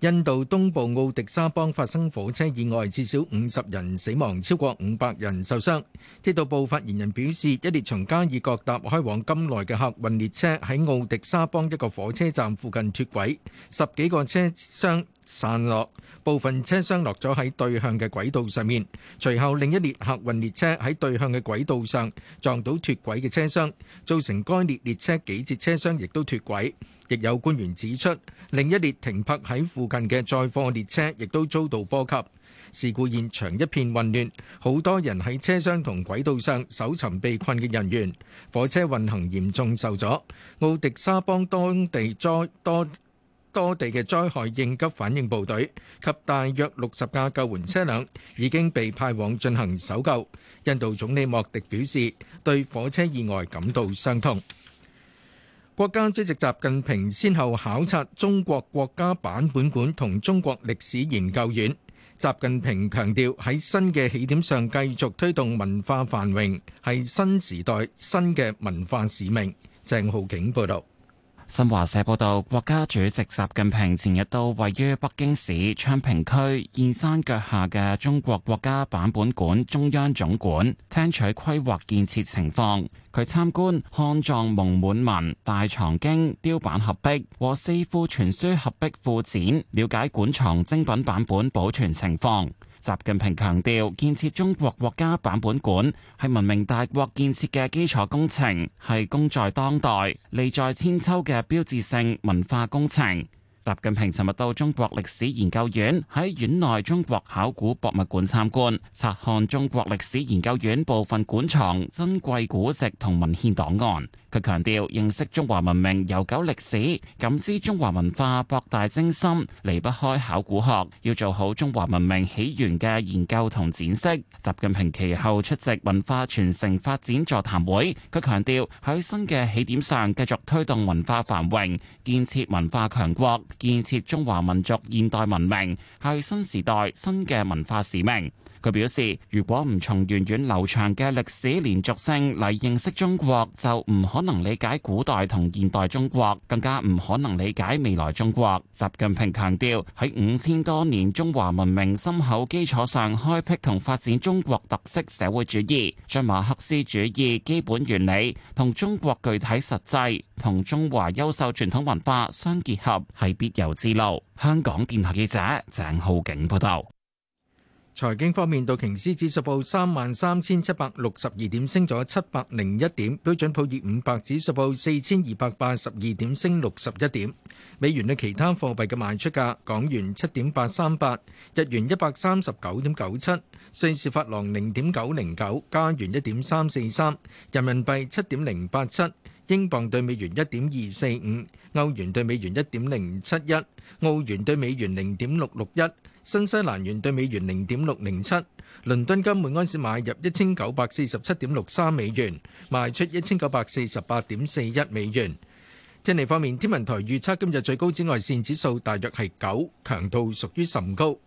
印度東部奧迪沙邦發生火車意外，至少五十人死亡，超過五百人受傷。鐵道部發言人表示，一列從加爾各答開往金奈嘅客運列車喺奧迪沙邦一個火車站附近脱軌，十幾個車廂，散落部分車廂落咗喺對向嘅軌道上面，隨後另一列客運列車喺對向嘅軌道上撞到脱軌嘅車廂，造成該列列車幾節車廂亦都脱軌。亦有官員指出，另一列停泊喺附近嘅載貨列車亦都遭到波及。事故現場一片混亂，好多人喺車廂同軌道上搜尋被困嘅人員。火車運行嚴重受阻。奧迪沙邦當地災多多地嘅災害應急反應部隊及大約六十架救援車輛已經被派往進行搜救。印度總理莫迪表示對火車意外感到傷痛。國家主席習近平先後考察中國國家版本館同中國歷史研究院。習近平強調喺新嘅起點上繼續推動文化繁榮係新時代新嘅文化使命。鄭浩景報道。新華社報道，國家主席習近平前日到位於北京市昌平區燕山腳下嘅中國國家版本館中央總館，聽取規劃建設情況。佢參觀漢藏蒙滿文大藏經雕版合璧和四庫全書合璧復展，了解館藏精品版本保存情況。習近平強調，建設中國國家版本館係文明大國建設嘅基礎工程，係功在當代、利在千秋嘅標誌性文化工程。習近平尋日到中國歷史研究院喺院內中國考古博物館參觀，察看中國歷史研究院部分館藏珍貴古籍同文獻檔案。佢強調認識中華文明悠久歷史，感知中華文化博大精深，離不開考古學，要做好中華文明起源嘅研究同展示。習近平其後出席文化傳承發展座談會，佢強調喺新嘅起點上繼續推動文化繁榮，建設文化強國。建設中華民族現代文明，係新時代新嘅文化使命。佢表示，如果唔從源遠流長嘅歷史連續性嚟認識中國，就唔可能理解古代同現代中國，更加唔可能理解未來中國。習近平強調，喺五千多年中華文明深厚基礎上開闢同發展中國特色社會主義，將馬克思主義基本原理同中國具體實際同中華優秀傳統文化相結合，係必由之路。香港電台記者鄭浩景報道。財經方面，道瓊斯指數報三萬三千七百六十二點，升咗七百零一點；標準普爾五百指數報四千二百八十二點，升六十一點。美元對其他貨幣嘅賣出價：港元七點八三八，日元一百三十九點九七，瑞士法郎零點九零九，加元一點三四三，人民幣七點零八七，英鎊對美元一點二四五，歐元對美元一點零七一，澳元對美元零點六六一。新西蘭元兌美元零點六零七，倫敦金每安士買入一千九百四十七點六三美元，賣出一千九百四十八點四一美元。天氣方面，天文台預測今日最高紫外線指數大約係九，強度屬於甚高。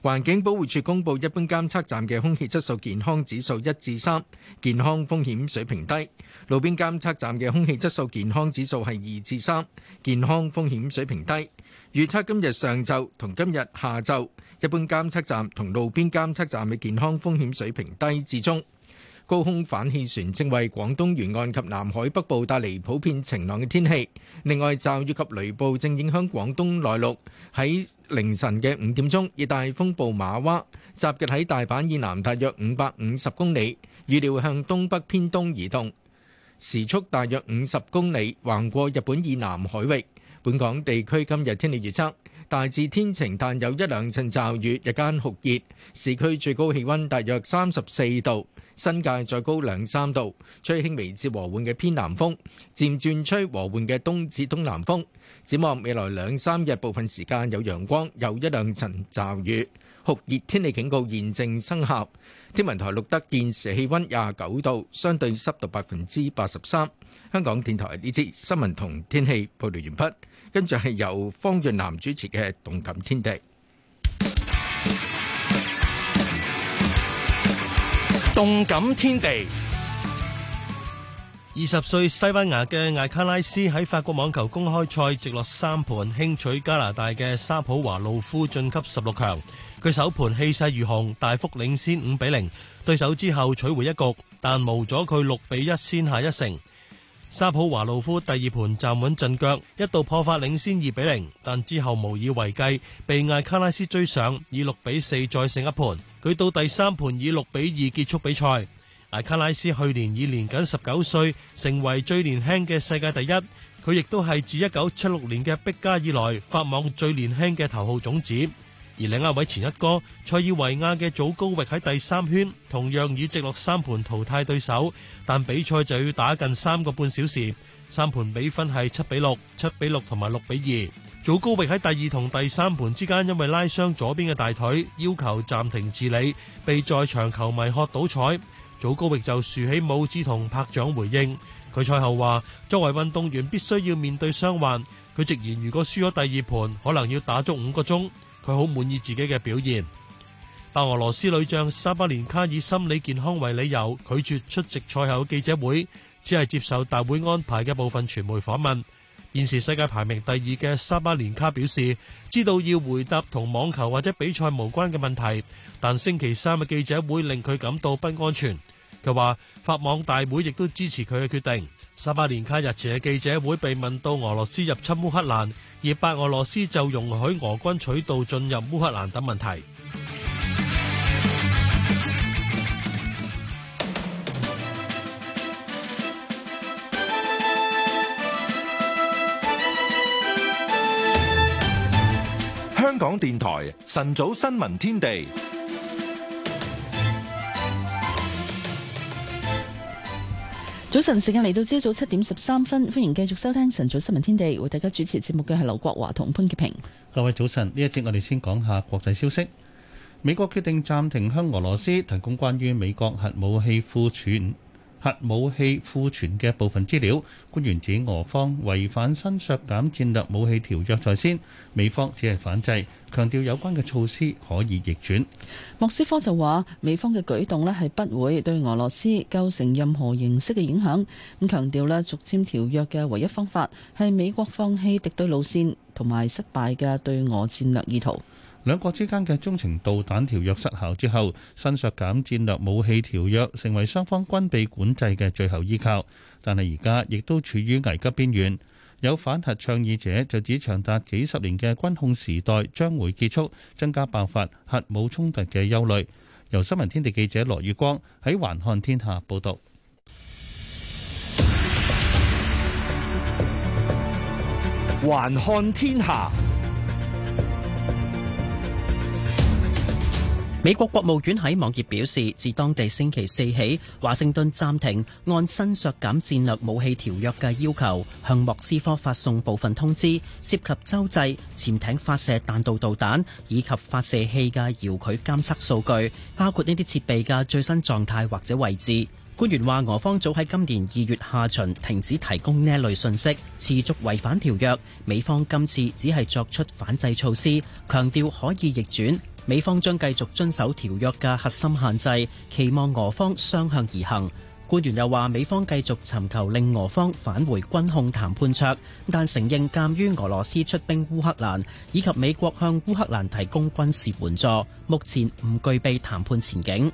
環境保護署公布，一般監測站嘅空氣質素健康指數一至三，健康風險水平低；路邊監測站嘅空氣質素健康指數係二至三，健康風險水平低。預測今日上晝同今日下晝，一般監測站同路邊監測站嘅健康風險水平低至中。高空反氣旋正為廣東沿岸及南海北部帶嚟普遍晴朗嘅天氣。另外，驟雨及雷暴正影響廣東內陸。喺凌晨嘅五點鐘，熱帶風暴瑪娃集結喺大阪以南大約五百五十公里，預料向東北偏東移動，時速大約五十公里，橫過日本以南海域。本港地區今日天氣預測：大致天晴，但有一兩陣驟雨。日間酷熱，市區最高氣温大約三十四度，新界再高兩三度。吹輕微至和緩嘅偏南風，漸轉吹和緩嘅東至東南風。展望未來兩三日，部分時間有陽光，有一兩陣驟雨。酷熱天氣警告現正生效。天文台錄得現時氣温廿九度，相對濕度百分之八十三。香港電台呢節新聞同天氣報道完畢。跟住係由方潤南主持嘅《動感天地》。動感天地。二十歲西班牙嘅艾卡拉斯喺法國網球公開賽直落三盤輕取加拿大嘅沙普華路夫晉級十六強。佢首盤氣勢如虹，大幅領先五比零。對手之後取回一局，但無阻佢六比一先下一城。沙普華路夫第二盤站穩陣腳，一度破發領先二比零，但之後無以為繼，被艾卡拉斯追上，以六比四再勝一盤。佢到第三盤以六比二結束比賽。艾卡拉斯去年以年僅十九歲成為最年輕嘅世界第一，佢亦都係自一九七六年嘅碧加以來法網最年輕嘅頭號種子。而另一位前一哥塞爾維亞嘅祖高域喺第三圈同樣以直落三盤淘汰對手，但比賽就要打近三個半小時。三盤比分係七比六、七比六同埋六比二。祖高域喺第二同第三盤之間，因為拉傷左邊嘅大腿，要求暫停治理，被在場球迷喝倒彩。祖高域就豎起拇指同拍掌回應。佢賽後話，作為運動員，必須要面對傷患。佢直言，如果輸咗第二盤，可能要打足五個鐘。佢好滿意自己嘅表現。白俄羅斯女將沙巴連卡以心理健康為理由拒絕出席賽後記者會，只係接受大會安排嘅部分傳媒訪問。現時世界排名第二嘅沙巴連卡表示，知道要回答同網球或者比賽無關嘅問題，但星期三嘅記者會令佢感到不安全。佢話法網大會亦都支持佢嘅決定。沙巴連卡日前嘅記者會被問到俄羅斯入侵烏克蘭而白俄羅斯就容許俄軍取道進入烏克蘭等問題。香港電台晨早新聞天地。早晨，時間嚟到朝早七點十三分，歡迎繼續收聽晨早新聞天地，為大家主持節目嘅係劉國華同潘潔平。各位早晨，呢一節我哋先講下國際消息。美國決定暫停向俄羅斯提供關於美國核武器庫存，核武器庫存嘅部分資料，官員指俄方違反新削減戰略武器條約在先，美方只係反制，強調有關嘅措施可以逆轉。莫斯科就話美方嘅舉動咧係不會對俄羅斯構成任何形式嘅影響，咁強調咧續簽條約嘅唯一方法係美國放棄敵對路線同埋失敗嘅對俄戰略意圖。兩國之間嘅中程導彈條約失效之後，新削減戰略武器條約成為雙方軍備管制嘅最後依靠，但係而家亦都處於危急邊緣。有反核倡議者就指長達幾十年嘅軍控時代將會結束，增加爆發核武衝突嘅憂慮。由新聞天地記者羅宇光喺《環漢天下》報道，《環漢天下》。美國國務院喺網頁表示，自當地星期四起，華盛頓暫停按新削減戰略武器條約嘅要求，向莫斯科發送部分通知，涉及洲際潛艇發射彈道導彈以及發射器嘅遙距監測數據，包括呢啲設備嘅最新狀態或者位置。官員話，俄方早喺今年二月下旬停止提供呢類信息，持續違反條約。美方今次只係作出反制措施，強調可以逆轉。美方將繼續遵守條約嘅核心限制，期望俄方相向而行。官員又話，美方繼續尋求令俄方返回軍控談判桌，但承認鑑於俄羅斯出兵烏克蘭以及美國向烏克蘭提供軍事援助，目前唔具備談判前景。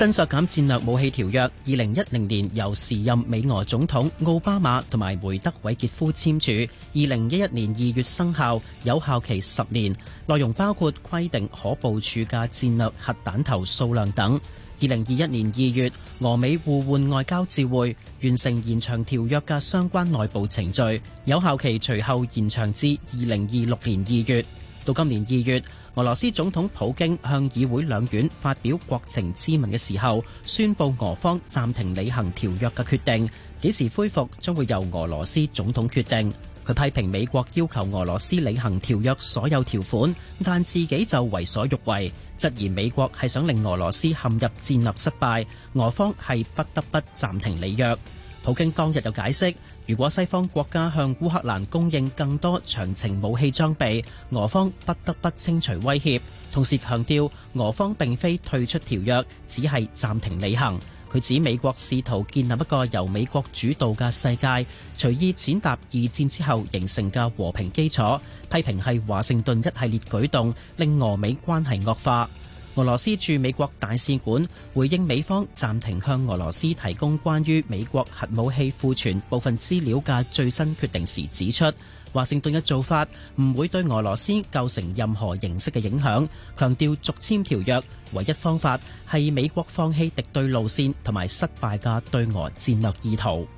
《新削減戰略武器條約》二零一零年由時任美俄總統奧巴馬同埋梅德韋傑夫簽署，二零一一年二月生效，有效期十年，內容包括規定可部署嘅戰略核彈頭數量等。二零二一年二月，俄美互換外交照會，完成延長條約嘅相關內部程序，有效期隨後延長至二零二六年二月，到今年二月。俄羅斯總統普京向議會兩院發表國情咨文嘅時候，宣布俄方暫停履行條約嘅決定，幾時恢復將會由俄羅斯總統決定。佢批評美國要求俄羅斯履行條約所有條款，但自己就為所欲為，質疑美國係想令俄羅斯陷入戰略失敗，俄方係不得不暫停履約。普京當日又解釋。如果西方國家向烏克蘭供應更多長程武器裝備，俄方不得不清除威脅。同時強調，俄方並非退出條約，只係暫停履行。佢指美國試圖建立一個由美國主導嘅世界，隨意踐踏二戰之後形成嘅和平基礎，批評係華盛頓一系列舉動，令俄美關係惡化。俄羅斯駐美國大使館回應美方暫停向俄羅斯提供關於美國核武器庫存部分資料嘅最新決定時指出，華盛頓嘅做法唔會對俄羅斯構成任何形式嘅影響，強調續簽條約唯一方法係美國放棄敵對路線同埋失敗嘅對俄戰略意圖。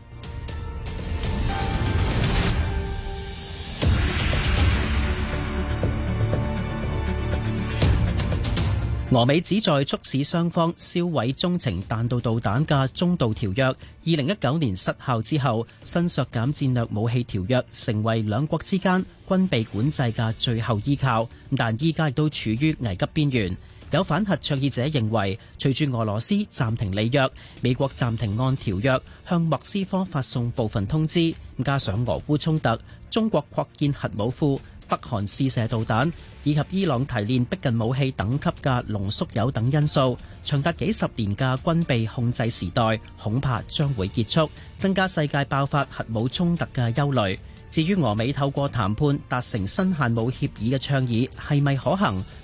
俄美旨在促使雙方銷毀中程彈道導彈嘅中導條約二零一九年失效之後，新削減戰略武器條約成為兩國之間軍備管制嘅最後依靠，但依家亦都處於危急邊緣，有反核倡議者認為隨住俄羅斯暫停履約，美國暫停按條約向莫斯科發送部分通知，加上俄烏衝突、中國擴建核武庫。北韓試射導彈，以及伊朗提煉逼近武器等級嘅濃縮鈾等因素，長達幾十年嘅軍備控制時代恐怕將會結束，增加世界爆發核武衝突嘅憂慮。至於俄美透過談判達成新限武協議嘅倡議，係咪可行？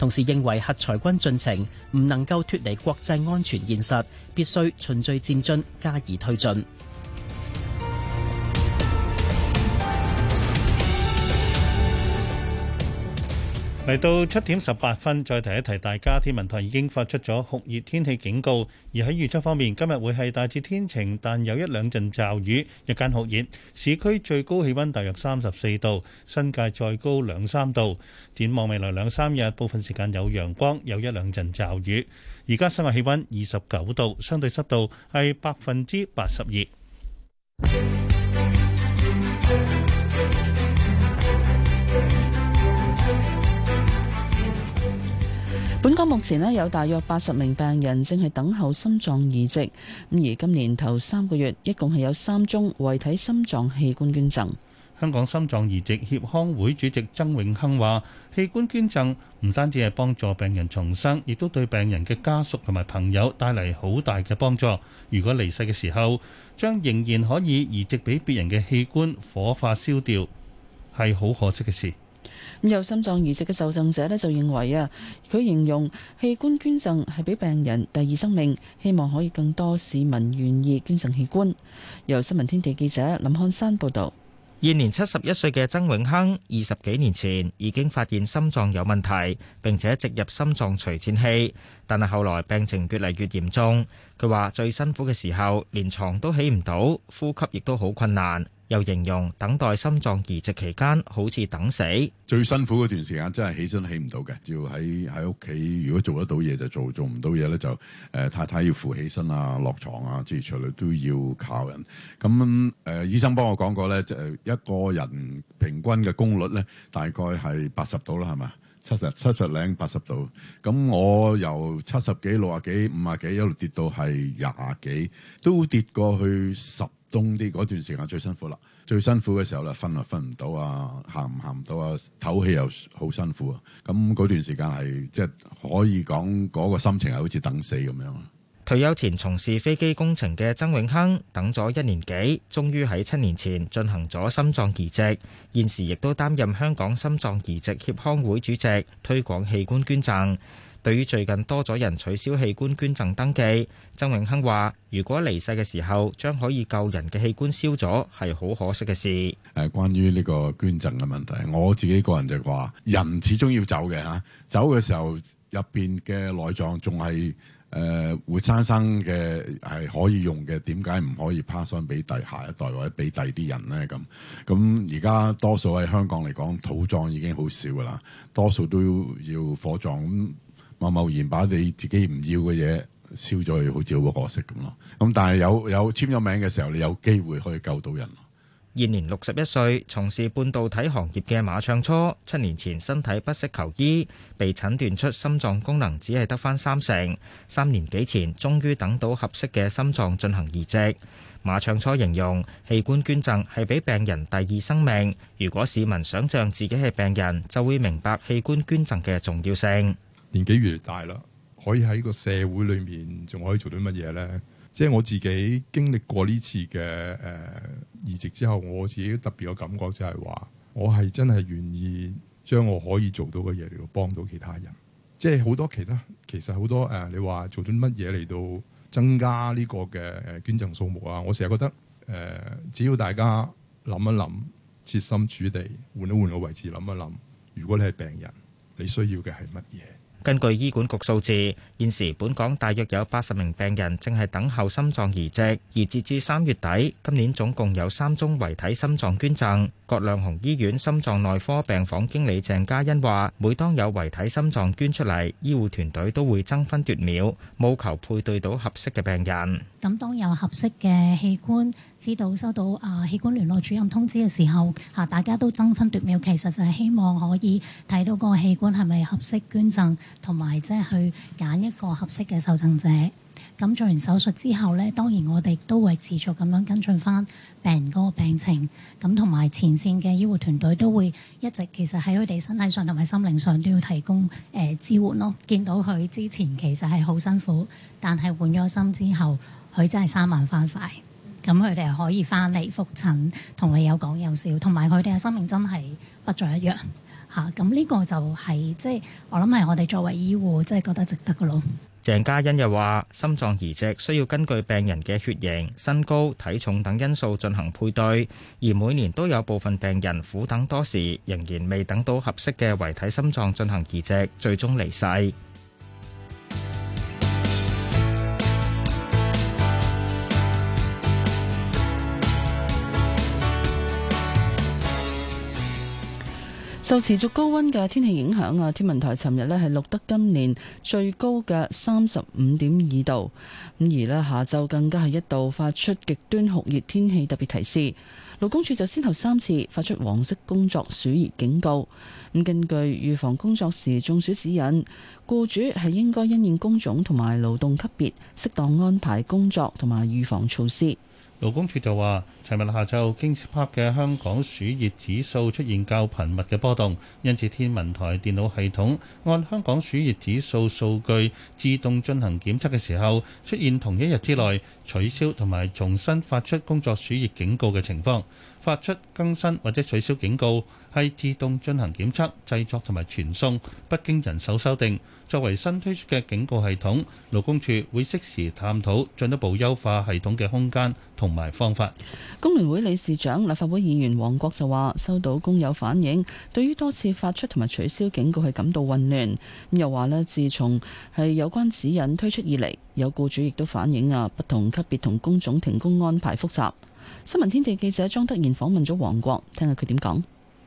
同時認為核裁軍進程唔能夠脫離國際安全現實，必須循序漸進加以推進。嚟到七點十八分，再提一提大家，天文台已經發出咗酷熱天氣警告。而喺預測方面，今日會係大致天晴，但有一兩陣驟雨，日間酷熱。市區最高氣温大約三十四度，新界再高兩三度。展望未來兩三日，部分時間有陽光，有一兩陣驟雨。而家室外氣温二十九度，相對濕度係百分之八十二。 目前呢有大約八十名病人正係等候心臟移植，咁而今年頭三個月一共係有三宗遺體心臟器官捐贈。香港心臟移植協康會主席曾永亨話：器官捐贈唔單止係幫助病人重生，亦都對病人嘅家屬同埋朋友帶嚟好大嘅幫助。如果離世嘅時候，將仍然可以移植俾別人嘅器官，火化燒掉，係好可惜嘅事。咁有心臟移植嘅受贈者咧就認為啊，佢形容器官捐贈係俾病人第二生命，希望可以更多市民願意捐贈器官。由新聞天地記者林漢山報導。現年七十一歲嘅曾永亨，二十幾年前已經發現心臟有問題，並且植入心臟除顫器，但係後來病情越嚟越嚴重。佢話最辛苦嘅時候，連床都起唔到，呼吸亦都好困難。又形容等待心臟移植期間好似等死，最辛苦嗰段時間真係起身起唔到嘅，只要喺喺屋企。如果做得到嘢，就做，做唔到嘢咧就誒、呃、太太要扶起身啊、落床啊，即係除咗都要靠人。咁、嗯、誒、呃、醫生幫我講過咧，就、一個人平均嘅功率咧，大概係八十度啦，係咪七十七十零八十度。咁我由七十幾六啊幾五啊幾一路跌到係廿幾都跌過去十。冬啲嗰段時間最辛苦啦，最辛苦嘅時候啦，瞓啊瞓唔到啊，行唔行唔到啊，唞氣又好辛苦啊。咁嗰段時間係即係可以講嗰個心情係好似等死咁樣啊。退休前從事飛機工程嘅曾永亨，等咗一年幾，終於喺七年前進行咗心臟移植，現時亦都擔任香港心臟移植協康會主席，推廣器官捐贈。對於最近多咗人取消器官捐贈登記，曾永亨話：如果離世嘅時候將可以救人嘅器官燒咗，係好可惜嘅事。誒，關於呢個捐贈嘅問題，我自己個人就話：人始終要走嘅嚇，走嘅時候入邊嘅內臟仲係誒活生生嘅，係可以用嘅。點解唔可以拋上俾第下一代或者俾第啲人呢？咁咁而家多數喺香港嚟講，土葬已經好少噶啦，多數都要火葬咁。貿貿然把你自己唔要嘅嘢燒咗去，好似好可惜咁咯。咁但係有有簽咗名嘅時候，你有機會可以救到人。現年六十一歲，從事半導體行業嘅馬暢初，七年前身體不適求醫，被診斷出心臟功能只係得翻三成。三年幾前，終於等到合適嘅心臟進行移植。馬暢初形容器官捐贈係俾病人第二生命。如果市民想像自己係病人，就會明白器官捐贈嘅重要性。年紀越嚟大啦，可以喺個社會裏面仲可以做啲乜嘢呢？即係我自己經歷過呢次嘅誒、呃、移植之後，我自己特別嘅感覺就係話，我係真係願意將我可以做到嘅嘢嚟到幫到其他人。即係好多其他其實好多誒、呃，你話做咗乜嘢嚟到增加呢個嘅誒捐贈數目啊？我成日覺得誒、呃，只要大家諗一諗，設身處地換一換個位置諗一諗，如果你係病人，你需要嘅係乜嘢？根據醫管局數字，現時本港大約有八十名病人正係等候心臟移植，而截至三月底，今年總共有三宗遺體心臟捐贈。葛量洪醫院心臟內科病房經理鄭嘉欣話：每當有遺體心臟捐出嚟，醫護團隊都會爭分奪秒，務求配對到合適嘅病人。咁當有合適嘅器官。知道收到啊器官聯絡主任通知嘅時候，嚇、啊、大家都爭分奪秒，其實就係希望可以睇到個器官係咪合適捐贈，同埋即係去揀一個合適嘅受贈者。咁、嗯、做完手術之後咧，當然我哋都會持續咁樣跟進翻病人個病情，咁同埋前線嘅醫護團隊都會一直其實喺佢哋身體上同埋心靈上都要提供誒、呃、支援咯。見到佢之前其實係好辛苦，但係換咗心之後，佢真係生還翻晒。咁佢哋可以翻嚟復診，同你有講有笑，同埋佢哋嘅生命真係不再一樣嚇。咁、啊、呢個就係即係我諗係我哋作為醫護，真係覺得值得噶咯。鄭嘉欣又話：心臟移植需要根據病人嘅血型、身高、體重等因素進行配對，而每年都有部分病人苦等多時，仍然未等到合適嘅遺體心臟進行移植，最終離世。受持續高溫嘅天氣影響啊，天文台尋日咧係錄得今年最高嘅三十五點二度，咁而咧下晝更加係一度發出極端酷熱天氣特別提示。勞工處就先後三次發出黃色工作暑熱警告。咁根據預防工作時中暑指引，僱主係應該因應工種同埋勞動級別，適當安排工作同埋預防措施。勞工處就話，尋日下晝，經拍嘅香港暑熱指數出現較頻密嘅波動，因此天文台電腦系統按香港暑熱指數數據自動進行檢測嘅時候，出現同一日之內取消同埋重新發出工作暑熱警告嘅情況。發出更新或者取消警告係自動進行檢測、製作同埋傳送，不經人手修訂。作為新推出嘅警告系統，勞工處會適時探討進一步優化系統嘅空間同埋方法。工聯會理事長、立法會議員黃國就話，收到工友反映，對於多次發出同埋取消警告係感到混亂。咁又話咧，自從係有關指引推出以嚟，有雇主亦都反映啊，不同級別同工種停工安排複雜。新聞天地記者張德賢訪問咗黃國，聽下佢點講。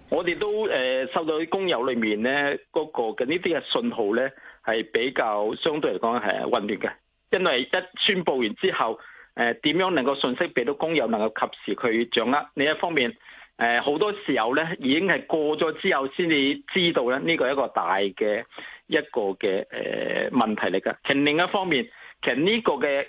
我哋都，誒，收到啲工友裏面咧，嗰個嘅呢啲嘅信號咧，係比較相對嚟講係混亂嘅。因為一宣布完之後誒，點樣能夠信息，俾到工友能夠及時去掌握？另一方面，誒，好多時候咧，已經係過咗之後先至知道咧，呢個一個大嘅一個嘅誒，問題嚟噶其實另一方面，其實呢個嘅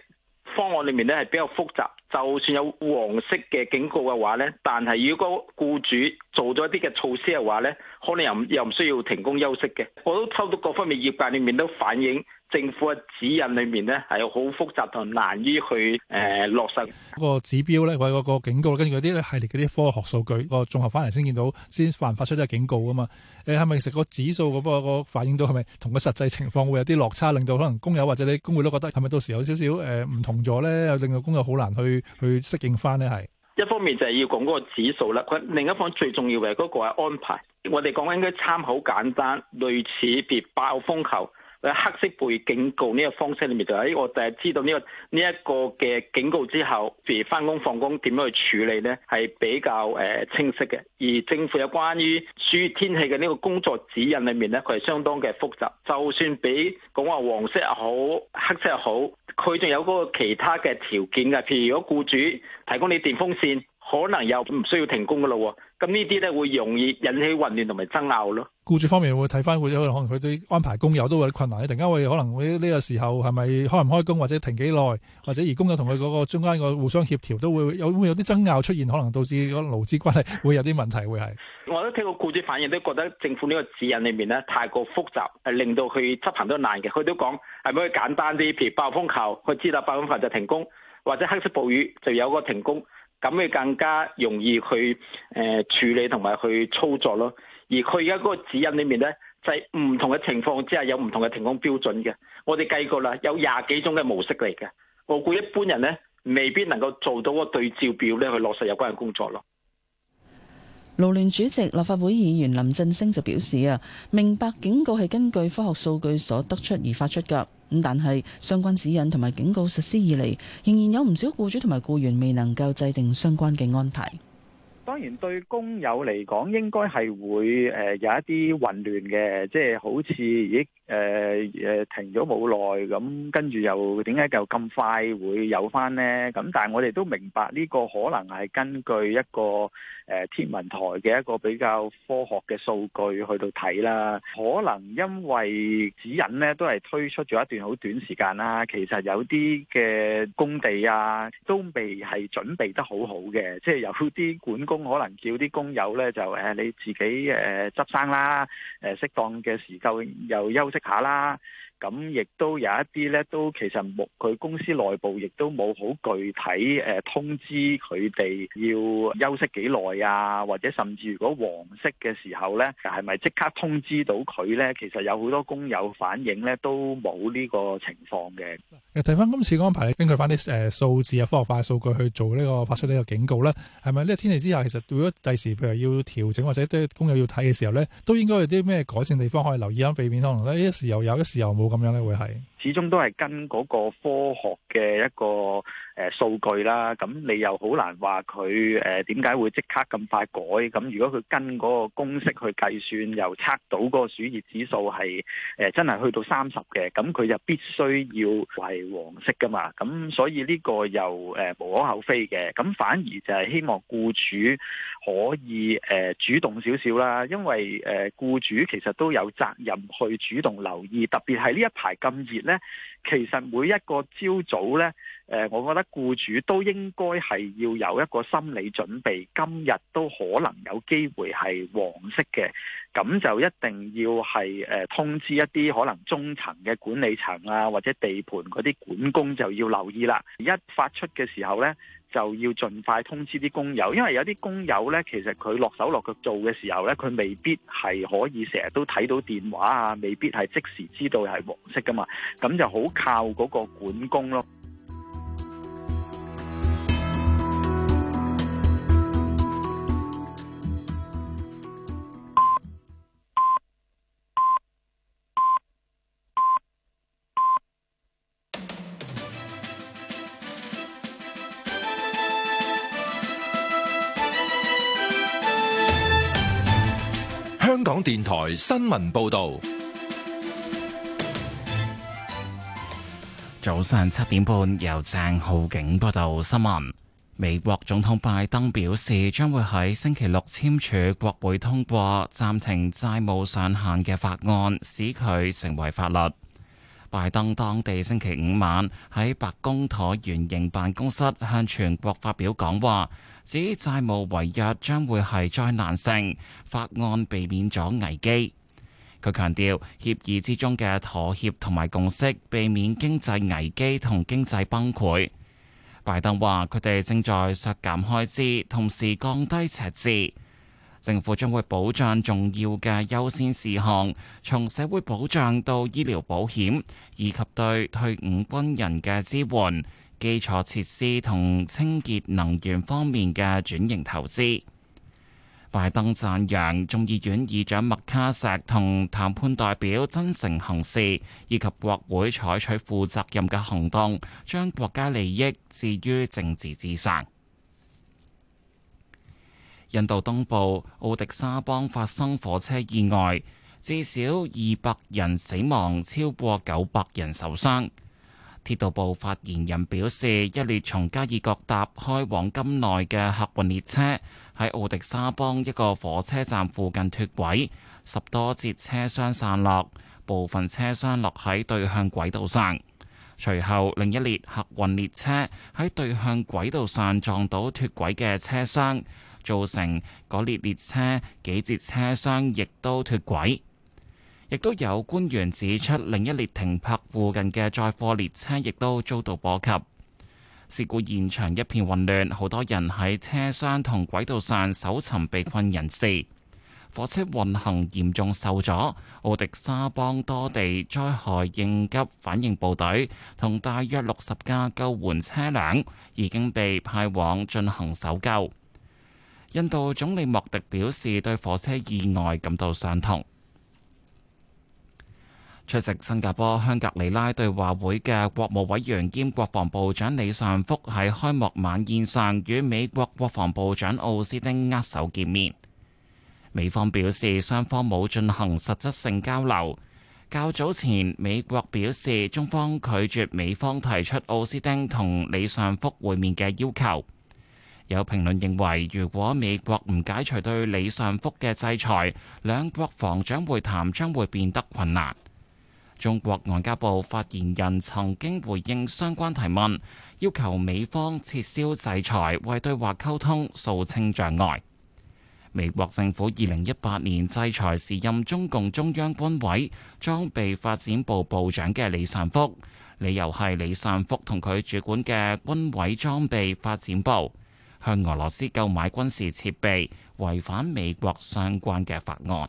方案裏面咧，係比較複雜。就算有黃色嘅警告嘅話咧，但係如果僱主做咗一啲嘅措施嘅話咧，可能又唔又唔需要停工休息嘅。我都收到各方面業界裡面都反映。政府嘅指引裏面咧，係好複雜同難於去誒落實個指標咧，或者個警告，跟住有啲系列嗰啲科學數據個綜合翻嚟先見到，先發發出咗警告啊嘛。誒係咪其實個指數嗰、嗰個嗰個反映到係咪同個實際情況會有啲落差，令到可能工友或者你工會都覺得係咪到時有少少誒唔、呃、同咗咧，令到工友好難去去適應翻呢，係一方面就係要講嗰個指數啦，佢另一方最重要嘅嗰個係安排。我哋講緊應該參考簡單，類似別爆風球。黑色背警告呢個方式裏面就係，我就係知道呢個呢一個嘅警告之後，譬如翻工放工點樣去處理咧，係比較誒清晰嘅。而政府有關於暑熱天氣嘅呢個工作指引裏面咧，佢係相當嘅複雜。就算俾講話黃色又好，黑色又好，佢仲有嗰個其他嘅條件㗎。譬如如果僱主提供你電風扇，可能又唔需要停工噶嘞喎。咁呢啲咧會容易引起混亂同埋爭拗咯。僱主方面會睇翻，會可能佢對安排工友都會有啲困難。突然間會，會可能呢呢個時候係咪開唔開工，或者停幾耐，或者而工友同佢嗰個中間個互相協調都會有會有啲爭拗出現，可能導致嗰勞資關係會有啲問題，會係。我都聽過僱主反應都覺得政府呢個指引裏面咧太過複雜，係令到佢執行都難嘅。佢都講係咪可以簡單啲？譬如暴風球，佢知道百分百就停工，或者黑色暴雨就有個停工。咁佢更加容易去誒、呃、處理同埋去操作咯，而佢而家嗰個指引裏面咧，就係、是、唔同嘅情況之下有唔同嘅停工標準嘅。我哋計過啦，有廿幾種嘅模式嚟嘅。我估一般人咧，未必能夠做到個對照表咧去落實有關嘅工作咯。勞聯主席立法會議員林振升就表示啊，明白警告係根據科學數據所得出而發出㗎。但係相關指引同埋警告實施以嚟，仍然有唔少僱主同埋僱員未能夠制定相關嘅安排。當然對工友嚟講，應該係會誒有一啲混亂嘅，即係好似已。誒誒停咗冇耐，咁跟住又點解又咁快會有翻呢？咁但係我哋都明白呢個可能係根據一個誒天文台嘅一個比較科學嘅數據去到睇啦。可能因為指引呢都係推出咗一段好短時間啦，其實有啲嘅工地啊都未係準備得好好嘅，即係有啲管工可能叫啲工友呢就誒你自己誒執生啦，誒適當嘅時候就又休。識下啦～咁亦都有一啲咧，都其實冇佢公司內部亦都冇好具體誒通知佢哋要休息幾耐啊，或者甚至如果黃色嘅時候咧，係咪即刻通知到佢咧？其實有好多工友反映咧，都冇呢個情況嘅。提睇翻今次安排你，根據翻啲誒數字啊、科學化數據去做呢個發出呢個警告咧，係咪呢個天氣之下其實如果第時譬如要調整或者啲工友要睇嘅時候咧，都應該有啲咩改善地方可以留意啊，避免可能咧一時又有，一時又冇。咁樣咧，會係。始終都係跟嗰個科學嘅一個誒數據啦，咁你又好難話佢誒點解會即刻咁快改？咁如果佢跟嗰個公式去計算，又測到個暑熱指數係誒真係去到三十嘅，咁佢就必須要係黃色噶嘛。咁所以呢個又誒、呃、無可厚非嘅。咁反而就係希望僱主可以誒、呃、主動少少啦，因為誒、呃、僱主其實都有責任去主動留意，特別係呢一排咁熱咧。其實每一個朝早呢，誒，我覺得僱主都應該係要有一個心理準備，今日都可能有機會係黃色嘅，咁就一定要係誒通知一啲可能中層嘅管理層啊，或者地盤嗰啲管工就要留意啦，一發出嘅時候呢，就要盡快通知啲工友，因為有啲工友呢，其實佢落手落腳做嘅時候呢，佢未必係可以成日都睇到電話啊，未必係即時知道係黃色噶嘛，咁就好靠嗰個管工咯。香港電台新聞報道，早上七點半由鄭浩景報道新聞。美國總統拜登表示，將會喺星期六簽署國會通過暫停債務上限嘅法案，使佢成為法律。拜登當地星期五晚喺白宮橢圓形辦公室向全國發表講話。指債務違約將會係災難性，法案避免咗危機。佢強調協議之中嘅妥協同埋共識，避免經濟危機同經濟崩潰。拜登話，佢哋正在削減開支，同時降低赤字。政府將會保障重要嘅優先事項，從社會保障到醫療保險，以及對退伍軍人嘅支援。基礎設施同清潔能源方面嘅轉型投資，拜登讚揚眾議院議長麥卡錫同談判代表真誠行事，以及國會採取負責任嘅行動，將國家利益置於政治之上。印度東部奧迪沙邦發生火車意外，至少二百人死亡，超過九百人受傷。鐵道部發言人表示，一列從加爾各答開往金奈嘅客運列車喺奧迪沙邦一個火車站附近脱軌，十多節車廂散落，部分車廂落喺對向軌道上。隨後，另一列客運列車喺對向軌道上撞到脱軌嘅車廂，造成嗰列列車幾節車廂亦都脱軌。亦都有官員指出，另一列停泊附近嘅載貨列車亦都遭到波及。事故現場一片混亂，好多人喺車廂同軌道上搜尋被困人士。火車運行嚴重受阻。奧迪沙邦多地災害應急反應部隊同大約六十架救援車輛已經被派往進行搜救。印度總理莫迪表示對火車意外感到傷痛。出席新加坡香格里拉對話會嘅國務委員兼國防部長李尚福喺開幕晚宴上與美國國防部長奧斯汀握手見面。美方表示雙方冇進行實質性交流。較早前美國表示中方拒絕美方提出奧斯汀同李尚福會面嘅要求。有評論認為，如果美國唔解除對李尚福嘅制裁，兩國防長會談將會變得困難。中國外交部發言人曾經回應相關提問，要求美方撤銷制裁，為對話溝通掃清障礙。美國政府二零一八年制裁時任中共中央軍委裝備發展部部長嘅李尚福，理由係李尚福同佢主管嘅軍委裝備發展部向俄羅斯購買軍事設備，違反美國相關嘅法案。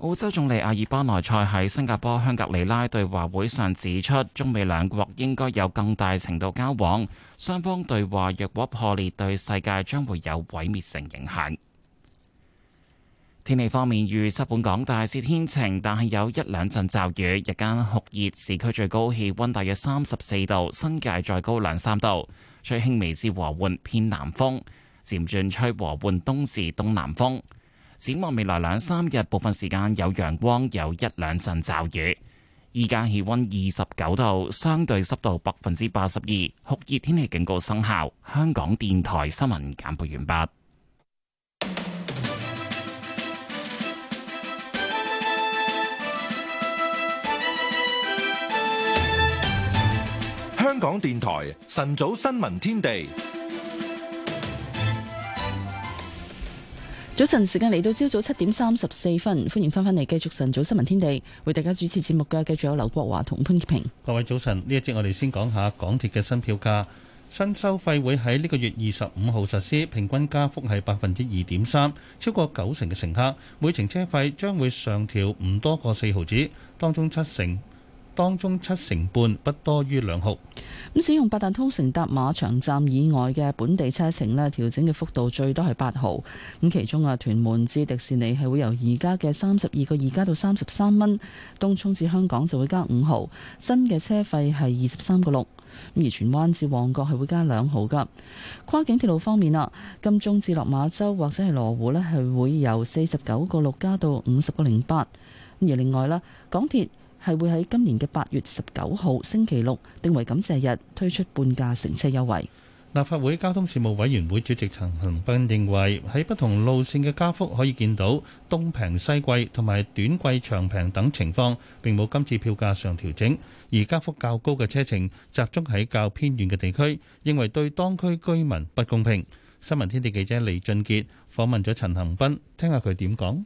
澳洲總理阿爾巴內塞喺新加坡香格里拉對話會上指出，中美兩國應該有更大程度交往。雙方對話若果破裂，對世界將會有毀滅性影響。天氣方面，預測本港大致天晴，但係有一兩陣驟雨。日間酷熱，市區最高氣溫大約三十四度，新界再高兩三度。吹輕微至和緩偏南風，漸轉吹和緩東至東南風。展望未來兩三日，部分時間有陽光，有一兩陣驟雨。依家氣溫二十九度，相對濕度百分之八十二，酷熱天氣警告生效。香港電台新聞簡報完畢。香港電台晨早新聞天地。早晨，時間嚟到朝早七點三十四分，歡迎翻返嚟繼續晨早新聞天地，為大家主持節目嘅繼續有劉國華同潘潔平。各位早晨，呢一節我哋先講下港鐵嘅新票價，新收費會喺呢個月二十五號實施，平均加幅係百分之二點三，超過九成嘅乘客每程車費將會上調唔多過四毫子，當中七成當中七成半不多於兩毫。咁使用八達通乘搭馬場站以外嘅本地車程咧，調整嘅幅度最多係八毫。咁其中啊，屯門至迪士尼係會由而家嘅三十二個二加到三十三蚊；東涌至香港就會加五毫，新嘅車費係二十三個六。咁而荃灣至旺角係會加兩毫噶。跨境鐵路方面啊，金鐘至落馬洲或者係羅湖呢係會由四十九個六加到五十個零八。而另外啦，港鐵。係會喺今年嘅八月十九號星期六定為感謝日，推出半價乘車優惠。立法會交通事務委員會主席陳恒鑌認為，喺不同路線嘅加幅可以見到東平西貴同埋短貴長平等情況，並冇今次票價上調整，而加幅較高嘅車程集中喺較偏遠嘅地區，認為對當區居民不公平。新聞天地記者李俊杰訪問咗陳恒鑌，聽下佢點講。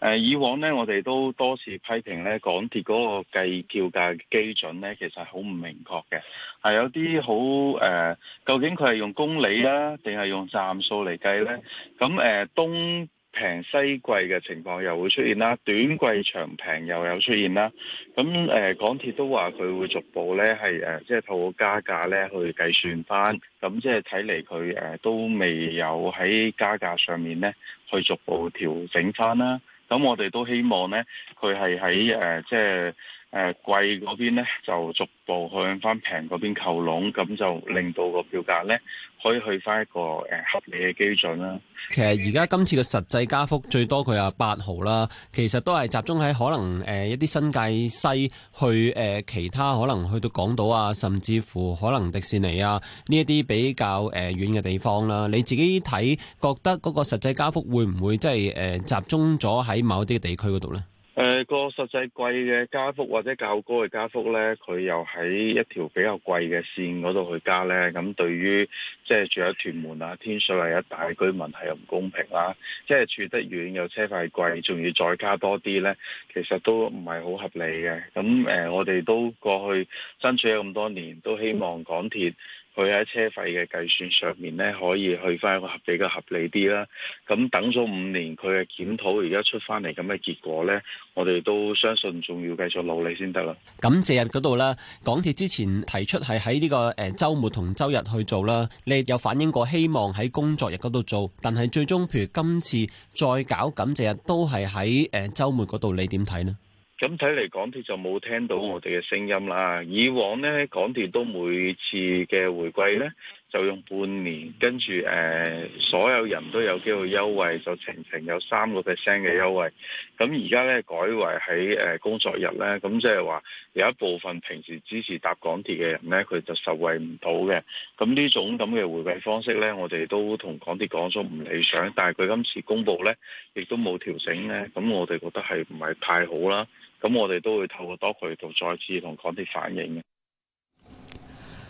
誒以往咧，我哋都多次批評咧，港鐵嗰個計票價基準咧，其實好唔明確嘅，係、啊、有啲好誒，究竟佢係用公里啦，定係用站數嚟計咧？咁誒東平西貴嘅情況又會出現啦，短貴長平又有出現啦。咁誒、呃、港鐵都話佢會逐步咧係誒，即係、呃即係、透過加價咧去計算翻。咁即係睇嚟佢誒都未有喺加價上面咧去逐步調整翻啦。咁我哋都希望咧，佢係喺誒，即係。誒、呃、貴嗰邊咧，就逐步向翻平嗰邊靠攏，咁就令到個票價咧，可以去翻一個誒、呃、合理嘅基準啦、啊。其實而家今次嘅實際加幅最多佢係八毫啦，其實都係集中喺可能誒一啲新界西去誒、呃、其他可能去到港島啊，甚至乎可能迪士尼啊呢一啲比較誒、呃、遠嘅地方啦。你自己睇覺得嗰個實際加幅會唔會即係誒集中咗喺某一啲地區嗰度咧？誒，呃，這個實際貴嘅加幅或者較高嘅加幅呢，佢又喺一條比較貴嘅綫嗰度去加呢，咁對於即係住喺屯門啊、天水圍啊、一帶居民係唔公平啦，即係住得遠又車費貴，仲要再加多啲呢，其實都唔係好合理嘅。咁誒、呃，我哋都過去爭取咗咁多年，都希望港鐵。佢喺車費嘅計算上面咧，可以去翻一,一個比較合理啲啦。咁等咗五年，佢嘅檢討而家出翻嚟咁嘅結果咧，我哋都相信仲要繼續努力先得啦。咁感謝日嗰度咧，港鐵之前提出係喺呢個誒週末同周日去做啦。你有反映過希望喺工作日嗰度做，但係最終譬如今次再搞感謝日都係喺誒週末嗰度，你點睇呢？咁睇嚟港鐵就冇聽到我哋嘅聲音啦。以往呢，港鐵都每次嘅回饋呢，就用半年，跟住誒所有人都有機會優惠，就程程有三個 percent 嘅優惠。咁而家呢，改為喺誒工作日呢，咁即係話有一部分平時支持搭港鐵嘅人呢，佢就受惠唔到嘅。咁呢種咁嘅回饋方式呢，我哋都同港鐵講咗唔理想，但係佢今次公布呢，亦都冇調整呢。咁我哋覺得係唔係太好啦。咁我哋都會透過多渠道再次同港鐵反映嘅。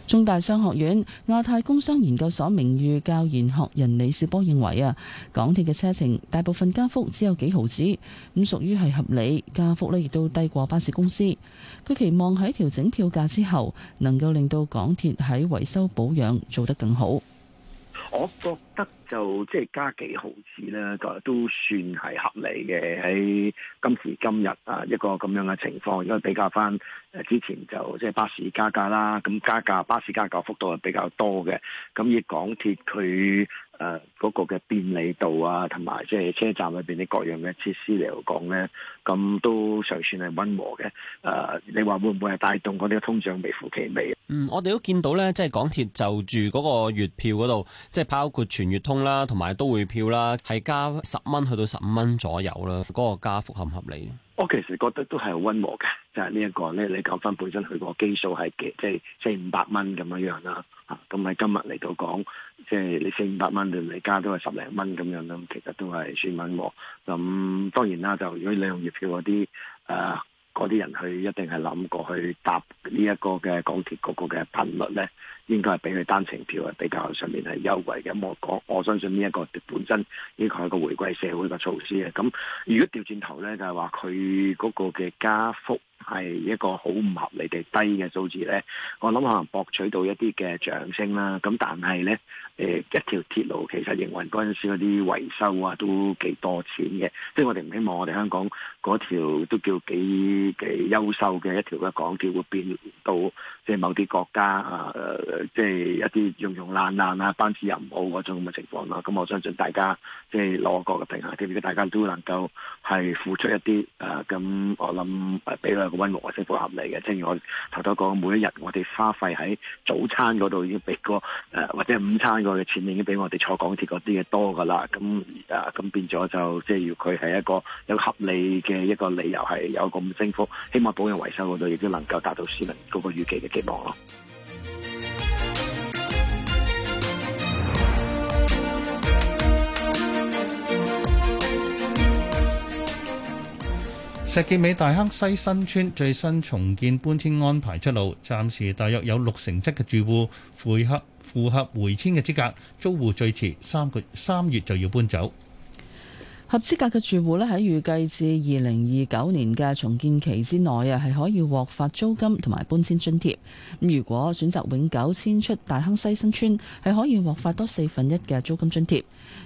中大商學院亞太工商研究所名譽教研學人李少波認為啊，港鐵嘅車程大部分加幅只有幾毫子，咁屬於係合理加幅咧，亦都低過巴士公司。佢期望喺調整票價之後，能夠令到港鐵喺維修保養做得更好。我覺得就即係加幾毫子咧，個都算係合理嘅。喺今時今日啊，一個咁樣嘅情況，因為比較翻誒之前就即係巴士加價啦。咁加價，巴士加價幅度係比較多嘅。咁而港鐵佢。誒嗰、啊那個嘅便利度啊，同埋即係車站裏邊啲各樣嘅設施嚟講咧，咁都尚算係溫和嘅。誒、啊，你話會唔會係帶動嗰啲嘅通脹微乎其微？嗯，我哋都見到咧，即係港鐵就住嗰個月票嗰度，即係包括全月通啦，同埋都會票啦，係加十蚊去到十五蚊左右啦。嗰、那個加幅合唔合理？我其實覺得都係溫和嘅，就係呢一個咧，你講翻本身佢個基數係幾，即、就、係、是、四五百蚊咁樣樣啦。嚇，咁喺今日嚟到講，即係你四五百蚊你加都係十零蚊咁樣咯，其實都係算温和。咁當然啦，就如果你用月票嗰啲，誒、呃，嗰啲人去一定係諗過去搭呢一個嘅港鐵嗰個嘅頻率咧，應該係比佢單程票係比較上面係優惠嘅。我我我相信呢一個本身呢個係個回歸社會嘅措施嘅。咁如果調轉頭咧，就係話佢嗰個嘅加幅。係一個好唔合理嘅低嘅數字咧，我諗可能博取到一啲嘅掌聲啦。咁但係咧，誒一條鐵路其實營運嗰陣時嗰啲維修啊都幾多錢嘅，即係我哋唔希望我哋香港嗰條都叫幾幾優秀嘅一條嘅港鐵會變到即係某啲國家啊，即係一啲庸庸爛爛啊，班次又唔好嗰種咁嘅情況咯。咁我相信大家即係攞個個平衡，如果大家都能夠係付出一啲啊，咁我諗誒俾兩。溫和升幅合理嘅，正如我頭先講，每一日我哋花費喺早餐嗰度已經比個、呃、或者午餐嗰嘅錢已經比我哋坐港鐵嗰啲嘅多噶啦，咁啊咁變咗就即係要佢係一個有合理嘅一個理由係有咁升幅，希望保養維修嗰度亦都能夠達到市民嗰個預期嘅期望咯。石硤尾大坑西新村最新重建搬遷安排出爐，暫時大約有六成七嘅住戶符合符合回遷嘅資格，租戶最遲三個三月就要搬走。合資格嘅住戶咧喺預計至二零二九年嘅重建期之內啊，係可以獲發租金同埋搬遷津貼。咁如果選擇永久遷出大坑西新村，係可以獲發多四分一嘅租金津貼。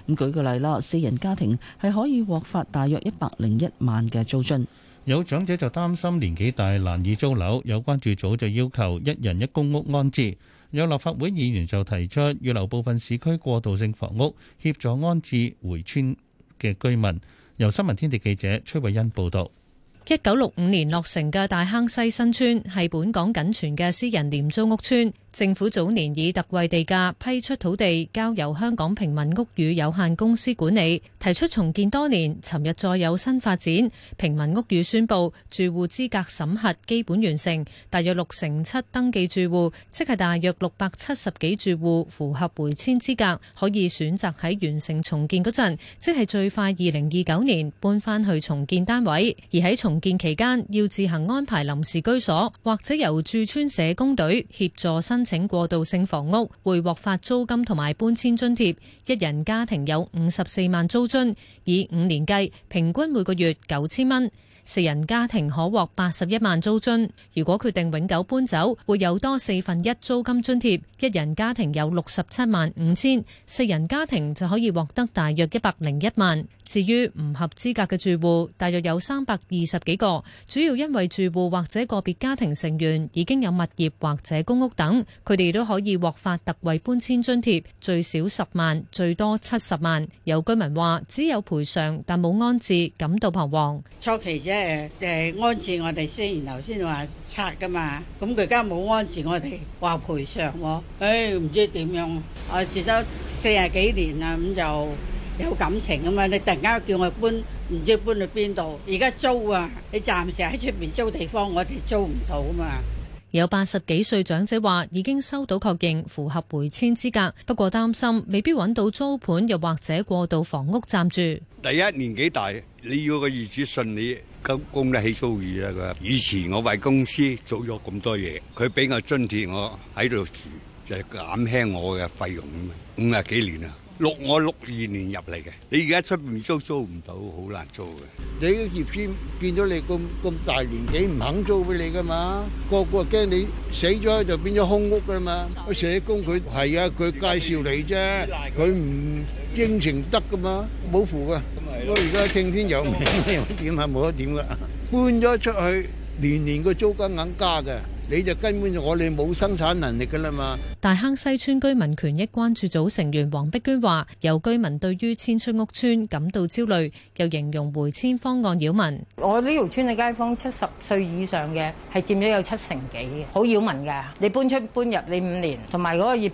咁舉個例啦，四人家庭係可以獲發大約一百零一萬嘅租津。有長者就擔心年紀大難以租樓，有關注組就要求一人一公屋安置。有立法會議員就提出預留部分市區過渡性房屋協助安置回村嘅居民。由新聞天地記者崔慧欣報道。一九六五年落成嘅大坑西新村係本港僅存嘅私人廉租屋村。政府早年以特惠地價批出土地，交由香港平民屋宇有限公司管理，提出重建多年，尋日再有新發展。平民屋宇宣布住戶資格審核基本完成，大約六成七登記住戶，即係大約六百七十幾住戶符合回遷資格，可以選擇喺完成重建嗰陣，即係最快二零二九年搬翻去重建單位。而喺重建期間，要自行安排臨時居所，或者由駐村社工隊協助新。請過渡性房屋會獲發租金同埋搬遷津貼，一人家庭有五十四萬租津，以五年計，平均每個月九千蚊。四人家庭可獲八十一萬租津。如果決定永久搬走，會有多四分一租金津貼。一人家庭有六十七萬五千，四人家庭就可以獲得大約一百零一萬。至於唔合資格嘅住戶，大約有三百二十幾個，主要因為住戶或者個別家庭成員已經有物業或者公屋等，佢哋都可以獲發特惠搬遷津貼，最少十萬，最多七十萬。有居民話只有賠償但冇安置，感到彷徨。初期誒誒，安置我哋先，然後先話拆噶嘛，咁佢而家冇安置我哋，話賠償喎，唉，唔知點樣，啊住咗四十幾年啦，咁就有感情啊嘛，你突然間叫我搬，唔知搬去邊度？而家租啊，你暫時喺出邊租地方，我哋租唔到啊嘛。有八十幾歲長者話已經收到確認，符合回遷資格，不過擔心未必搵到租盤，又或者過渡房屋暫住。第一年紀大，你要個業主信你。咁供得起租住啦！佢以前我為公司做咗咁多嘢，佢俾我津貼我喺度住，就係減輕我嘅費用。五啊幾年啊，六我六二年入嚟嘅。你而家出面租租唔到，好難租嘅。你業主見到你咁咁大年紀唔肯租俾你噶嘛？個個驚你死咗就變咗空屋噶嘛？社工佢係啊，佢介紹你啫，佢唔應承得噶嘛，冇付噶。如果而家聽天由命，點係冇得點㗎？搬咗出去，年年個租金硬加嘅。你就根本就我哋冇生產能力噶啦嘛！大坑西村居民權益關注組成員黃碧娟話，有居民對於遷出屋邨感到焦慮，又形容回遷方案擾民。我呢條村嘅街坊七十歲以上嘅係佔咗有七成幾，好擾民嘅。你搬出搬入你五年，同埋嗰個業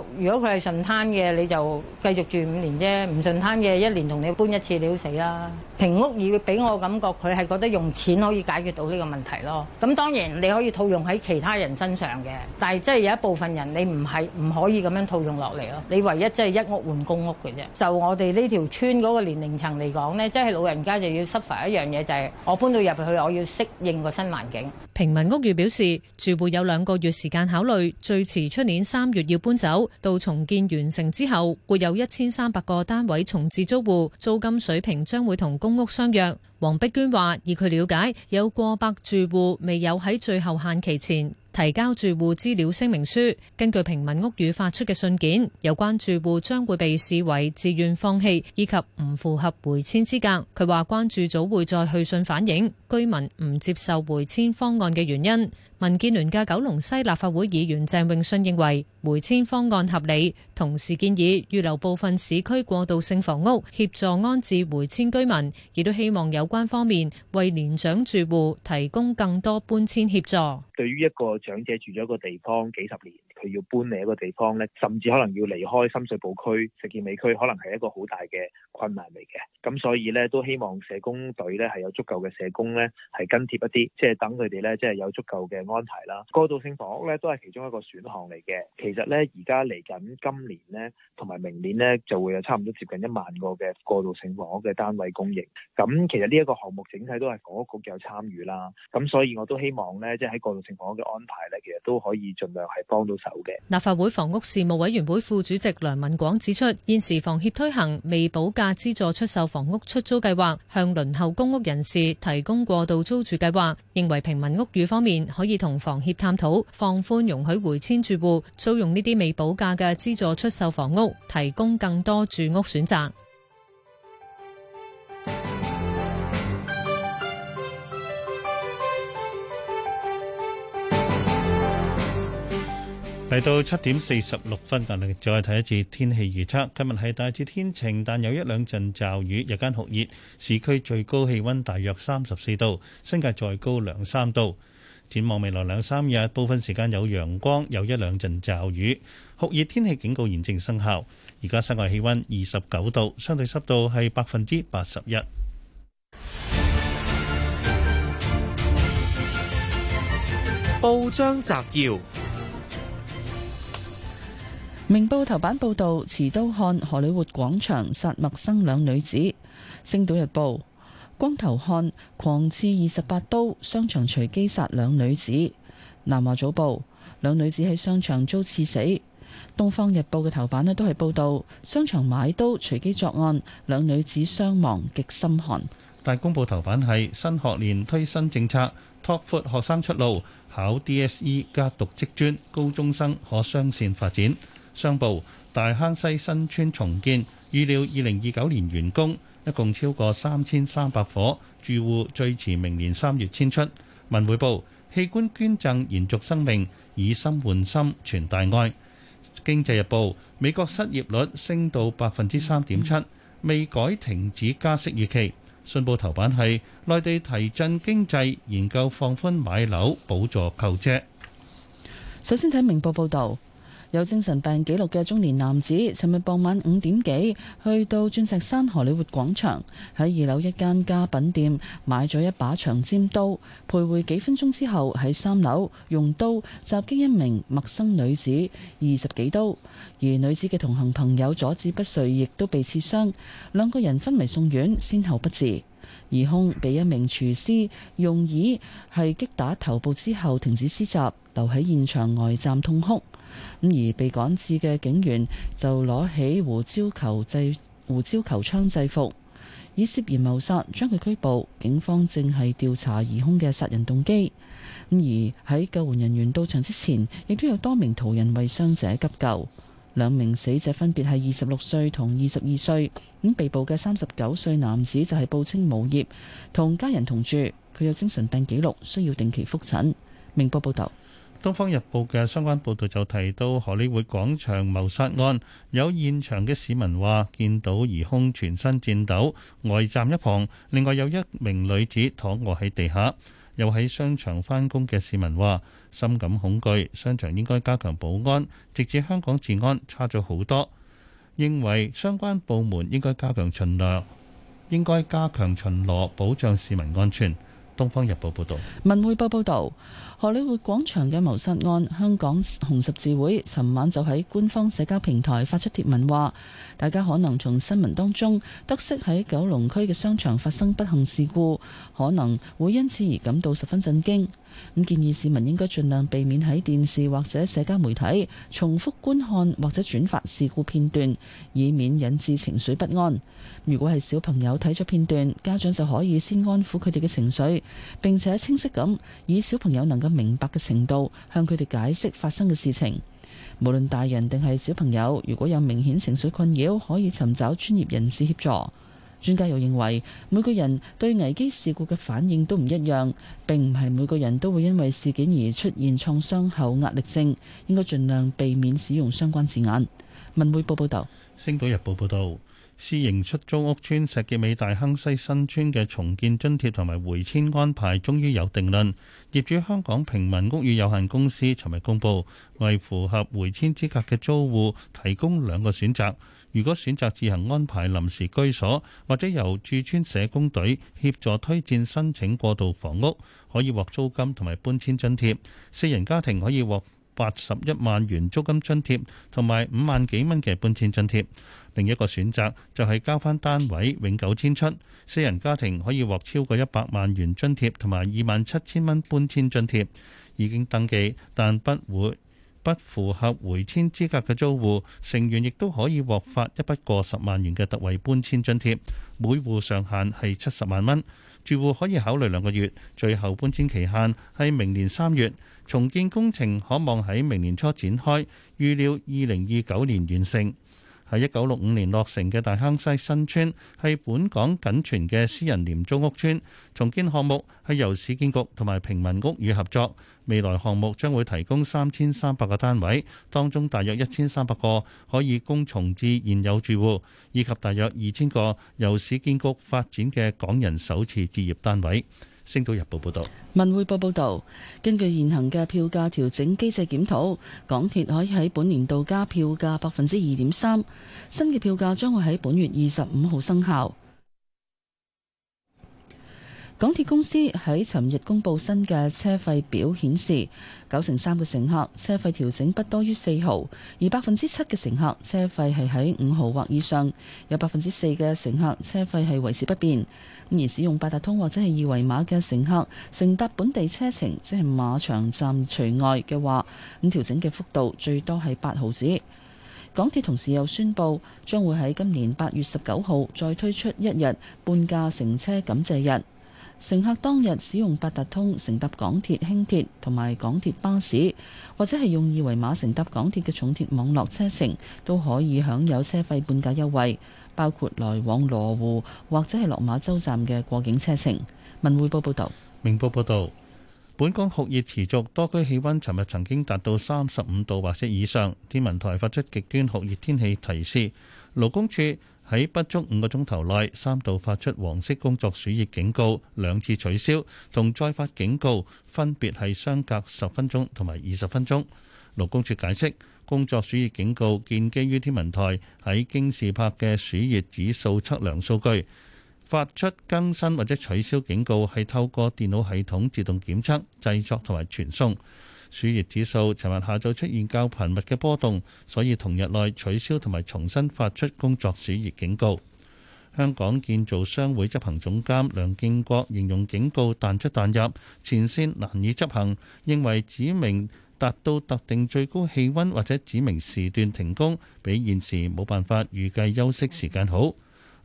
主，如果佢係順攤嘅，你就繼續住五年啫；唔順攤嘅，一年同你搬一次，你都死啦、啊。平屋已俾我感覺佢係覺得用錢可以解決到呢個問題咯。咁當然你可以套用喺。喺其他人身上嘅，但係即係有一部分人你唔係唔可以咁樣套用落嚟咯。你唯一即係一屋換公屋嘅啫。就我哋呢條村嗰個年齡層嚟講咧，即係老人家就要 suffer 一樣嘢，就係我搬到入去，我要適應個新環境。平民屋宇表示，住戶有兩個月時間考慮，最遲出年三月要搬走。到重建完成之後，會有一千三百個單位重置租戶，租金水平將會同公屋相若。黃碧娟話：以佢了解，有過百住戶未有喺最後限期前提交住戶資料聲明書。根據平民屋宇發出嘅信件，有關住戶將會被視為自願放棄，以及唔符合回遷資格。佢話關注組會再去信反映，居民唔接受回遷方案嘅原因。民建聯嘅九龍西立法會議員鄭永信認為回遷方案合理，同時建議預留部分市區過渡性房屋協助安置回遷居民，亦都希望有關方面為年長住戶提供更多搬遷協助。對於一個長者住咗一個地方幾十年，要搬嚟一個地方咧，甚至可能要離開深水埗區、石硤尾區，可能係一個好大嘅困難嚟嘅。咁所以咧，都希望社工隊咧係有足夠嘅社工咧，係跟貼一啲，即係等佢哋咧，即係有足夠嘅安排啦。過渡性房屋咧，都係其中一個選項嚟嘅。其實咧，而家嚟緊今年咧，同埋明年咧，就會有差唔多接近一萬個嘅過渡性房屋嘅單位供應。咁其實呢一個項目整體都係房屋局有參與啦。咁所以我都希望咧，即係喺過渡性房屋嘅安排咧，其實都可以盡量係幫到手。立法會房屋事務委員會副主席梁文廣指出，現時房協推行未補價資助出售房屋出租計劃，向輪候公屋人士提供過渡租住計劃，認為平民屋宇方面可以同房協探討放寬容許回遷住戶租用呢啲未補價嘅資助出售房屋，提供更多住屋選擇。嚟到七點四十六分，我哋再睇一次天氣預測。今日係大致天晴，但有一兩陣驟雨，日間酷熱，市區最高氣溫大約三十四度，新界再高兩三度。展望未來兩三日，部分時間有陽光，有一兩陣驟雨，酷熱天氣警告現正生效。而家室外氣溫二十九度，相對濕度係百分之八十一。報章摘要。明報頭版報道，持刀漢荷里活廣場殺陌生兩女子。星島日報，光頭漢狂刺二十八刀，商場隨機殺兩女子。南華早報，兩女子喺商場遭刺死。東方日報嘅頭版咧都係報道，商場買刀隨機作案，兩女子傷亡極心寒。大公報頭版係新學年推新政策，拓闊學生出路，考 DSE 加讀職專，高中生可雙線發展。商報大坑西新村重建，預料二零二九年完工，一共超過三千三百伙住戶，最遲明年三月遷出。文匯報器官捐贈延續生命，以心換心傳大愛。經濟日報，美國失業率升到百分之三點七，未改停止加息預期。信報頭版係內地提振經濟，研究放寬買樓補助購車。首先睇明報報道。有精神病記錄嘅中年男子，尋日傍晚五點幾去到鑽石山荷里活廣場，喺二樓一間家，家品店買咗一把長尖刀，徘徊幾分鐘之後喺三樓用刀襲擊一名陌生女子二十幾刀，而女子嘅同行朋友阻止不遂，亦都被刺傷，兩個人昏迷送院，先後不治。疑凶被一名廚師用椅係擊打頭部之後停止施襲，留喺現場外站痛哭。咁而被趕至嘅警員就攞起胡椒球制胡椒球槍制服，以涉嫌謀殺將佢拘捕。警方正係調查疑兇嘅殺人動機。咁而喺救援人員到場之前，亦都有多名途人為傷者急救。兩名死者分別係二十六歲同二十二歲。咁被捕嘅三十九歲男子就係報稱無業，同家人同住，佢有精神病記錄，需要定期覆診。明報報道。《東方日報》嘅相關報導就提到荷里活廣場謀殺案，有現場嘅市民話見到疑兇全身顫抖，呆站一旁；另外有一名女子躺卧喺地下。有喺商場翻工嘅市民話深感恐懼，商場應該加強保安，指香港治安差咗好多，認為相關部門應該加強巡邏，應該加強巡邏保障市民安全。《東方日報》報道，《文匯報》報道，荷里活廣場嘅謀殺案，香港紅十字會尋晚就喺官方社交平台發出貼文話，話大家可能從新聞當中得悉喺九龍區嘅商場發生不幸事故，可能會因此而感到十分震驚。咁建議市民應該盡量避免喺電視或者社交媒體重複觀看或者轉發事故片段，以免引致情緒不安。如果係小朋友睇咗片段，家長就可以先安撫佢哋嘅情緒，並且清晰咁以小朋友能夠明白嘅程度向佢哋解釋發生嘅事情。無論大人定係小朋友，如果有明顯情緒困擾，可以尋找專業人士協助。專家又認為，每個人對危機事故嘅反應都唔一樣，並唔係每個人都會因為事件而出現創傷後壓力症，應該盡量避免使用相關字眼。文匯報報道：《星島日報》報道，私營出租屋邨石硖尾大坑西新村嘅重建津貼同埋回遷安排終於有定論。業主香港平民屋宇有限公司尋日公布，為符合回遷資格嘅租戶提供兩個選擇。如果選擇自行安排臨時居所，或者由駐村社工隊協助推薦申請過渡房屋，可以獲租金同埋搬遷津貼。四人家庭可以獲八十一萬元租金津貼，同埋五萬幾蚊嘅搬遷津貼。另一個選擇就係交返單位永久遷出，四人家庭可以獲超過一百萬元津貼，同埋二萬七千蚊搬遷津貼。已經登記但不會。不符合回遷資格嘅租戶成員亦都可以獲發一筆過十萬元嘅特惠搬遷津貼，每戶上限係七十萬蚊。住戶可以考慮兩個月，最後搬遷期限係明年三月。重建工程可望喺明年初展開，預料二零二九年完成。喺一九六五年落成嘅大坑西新村，係本港僅存嘅私人廉租屋村。重建項目係由市建局同埋平民屋宇合作，未來項目將會提供三千三百個單位，當中大約一千三百個可以供重置現有住戶，以及大約二千個由市建局發展嘅港人首次置業單位。星島日報報道，文匯報報道，根據現行嘅票價調整機制檢討，港鐵可以喺本年度加票價百分之二點三，新嘅票價將會喺本月二十五號生效。港鐵公司喺尋日公布新嘅車費表顯，顯示九成三嘅乘客車費調整不多於四毫，而百分之七嘅乘客車費係喺五毫或以上，有百分之四嘅乘客車費係維持不變。而使用八達通或者係二維碼嘅乘客，乘搭本地車程即係馬場站除外嘅話，咁調整嘅幅度最多係八毫子。港鐵同時又宣佈將會喺今年八月十九號再推出一日半價乘車感謝日。乘客當日使用八達通乘搭港鐵、輕鐵同埋港鐵巴士，或者係用二維碼乘搭港鐵嘅重鐵網絡車程，都可以享有車費半價優惠，包括來往羅湖或者係落馬洲站嘅過境車程。文匯報報道。明報報道，本港酷熱持續，多區氣温尋日曾經達到三十五度或者以上，天文台發出極端酷熱天氣提示。勞工處喺不足五個鐘頭內三度發出黃色工作暑熱警告，兩次取消同再發警告，分別係相隔十分鐘同埋二十分鐘。勞工處解釋，工作暑熱警告建基於天文台喺京士柏嘅暑熱指數測量數據，發出更新或者取消警告係透過電腦系統自動檢測、製作同埋傳送。暑熱指數尋日下晝出現較頻密嘅波動，所以同日內取消同埋重新發出工作暑熱警告。香港建造商會執行總監梁建國形容警告彈出彈入，前線難以執行，認為指明達到特定最高氣温或者指明時段停工，比現時冇辦法預計休息時間好。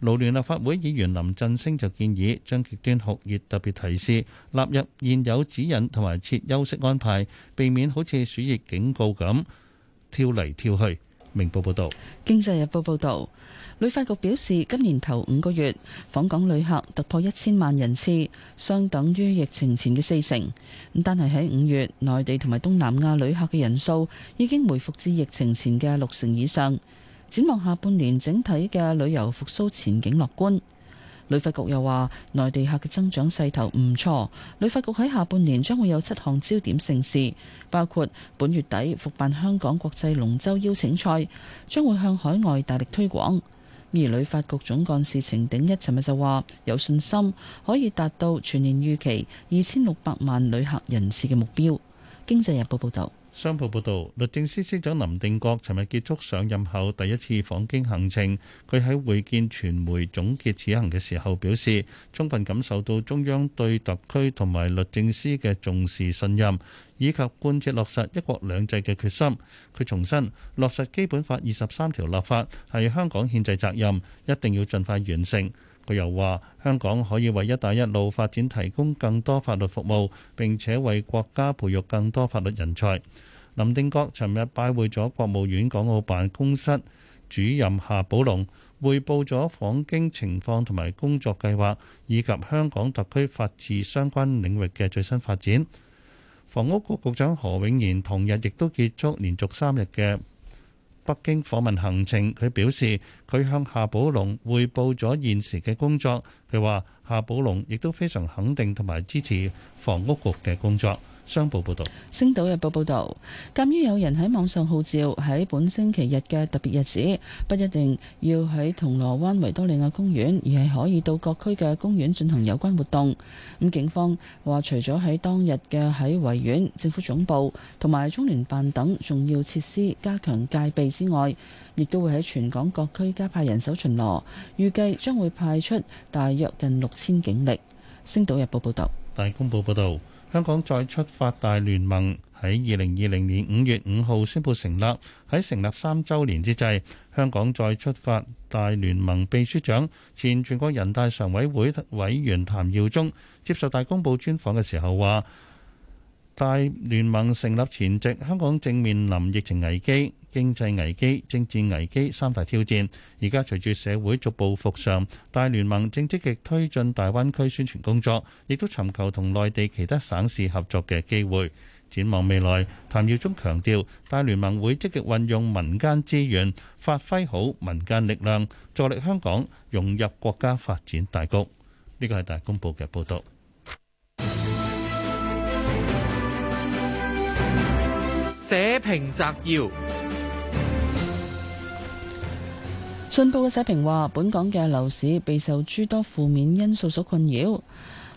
勞聯立法會議員林振升，就建議將極端酷熱特別提示納入現有指引同埋設休息安排，避免好似暑熱警告咁跳嚟跳去。明報報道，經濟日報報道，旅發局表示，今年頭五個月訪港旅客突破一千萬人次，相等於疫情前嘅四成。咁但係喺五月，內地同埋東南亞旅客嘅人數已經回復至疫情前嘅六成以上。展望下半年，整體嘅旅遊復蘇前景樂觀，旅發局又話內地客嘅增長勢頭唔錯，旅發局喺下半年將會有七項焦點盛事，包括本月底復辦香港國際龍舟邀請賽將會向海外大力推廣，而旅發局總幹事程鼎一尋日就話有信心可以達到全年預期二千六百萬旅客人次嘅目標。經濟日報報道。商報報道，律政司司長林定國尋日結束上任後第一次訪京行程。佢喺會見傳媒總結此行嘅時候表示，充分感受到中央對特區同埋律政司嘅重視信任，以及貫徹落實一國兩制嘅決心。佢重申，落實基本法二十三條立法係香港憲制責任，一定要盡快完成。佢又話，香港可以為「一帶一路」發展提供更多法律服務，並且為國家培育更多法律人才。林定國尋日拜會咗國務院港澳辦公室主任夏寶龍，匯報咗訪京情況同埋工作計劃，以及香港特區法治相關領域嘅最新發展。房屋局局長何永賢同日亦都結束連續三日嘅北京訪問行程。佢表示，佢向夏寶龍匯報咗現時嘅工作。佢話夏寶龍亦都非常肯定同埋支持房屋局嘅工作。商報報導，《星島日報》報導，鑑於有人喺網上號召喺本星期日嘅特別日子，不一定要喺銅鑼灣維多利亞公園，而係可以到各區嘅公園進行有關活動。咁警方話，除咗喺當日嘅喺維園、政府總部同埋中聯辦等重要設施加強戒備之外，亦都會喺全港各區加派人手巡邏，預計將會派出大約近六千警力。《星島日報》報道。《大公報》報道。香港再出發大聯盟喺二零二零年五月五號宣布成立，喺成立三週年之際，香港再出發大聯盟秘書長、前全國人大常委會委員譚耀宗接受大公報專訪嘅時候話。大聯盟成立前夕，香港正面臨疫情危機、經濟危機、政治危機三大挑戰。而家隨住社會逐步復常，大聯盟正積極推進大灣區宣傳工作，亦都尋求同內地其他省市合作嘅機會。展望未來，譚耀宗強調，大聯盟會積極運用民間資源，發揮好民間力量，助力香港融入國家發展大局。呢個係大公報嘅報導。社評摘要，信報嘅社評話：本港嘅樓市備受諸多負面因素所困擾，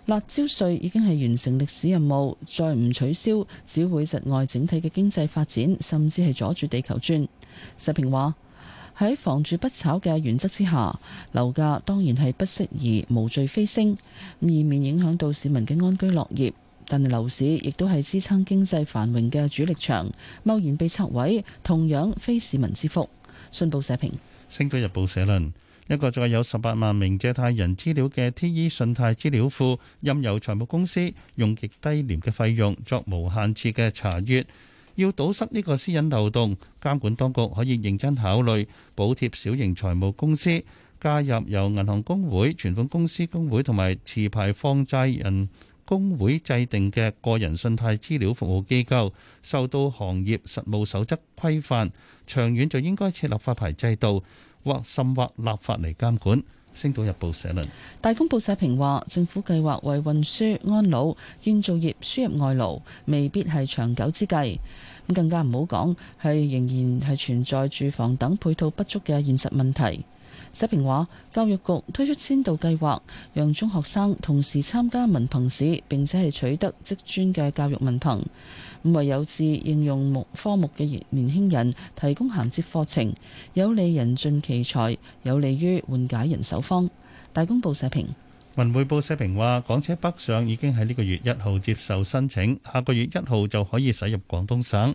辣椒稅已經係完成歷史任務，再唔取消只會窒礙整體嘅經濟發展，甚至係阻住地球轉。社評話喺房住不炒嘅原則之下，樓價當然係不適宜無序飛升，以免影響到市民嘅安居樂業。但係，樓市亦都係支撐經濟繁榮嘅主力場。貿然被拆毀，同樣非市民之福。信報社評，《星島日報》社論：一個載有十八萬名借貸人資料嘅天依信貸資料庫，任由財務公司用極低廉嘅費用作無限次嘅查閲，要堵塞呢個私隱漏洞，監管當局可以認真考慮補貼小型財務公司加入由銀行公會、存款公司公會同埋持牌放債人。工會制定嘅個人信貸資料服務機構受到行業實務守則規範，長遠就應該設立發牌制度或甚或立法嚟監管。星島日報社論，大公報社評話，政府計劃為運輸、安老、建造業輸入外勞未必係長久之計，更加唔好講，係仍然係存在住房等配套不足嘅現實問題。社評話：教育局推出先導計劃，讓中學生同時參加文憑試並且係取得職專嘅教育文憑，為有志應用目科目嘅年輕人提供銜接課程，有利人盡其才，有利於緩解人手荒。大公報社評，文匯報社評話：港車北上已經喺呢個月一號接受申請，下個月一號就可以駛入廣東省。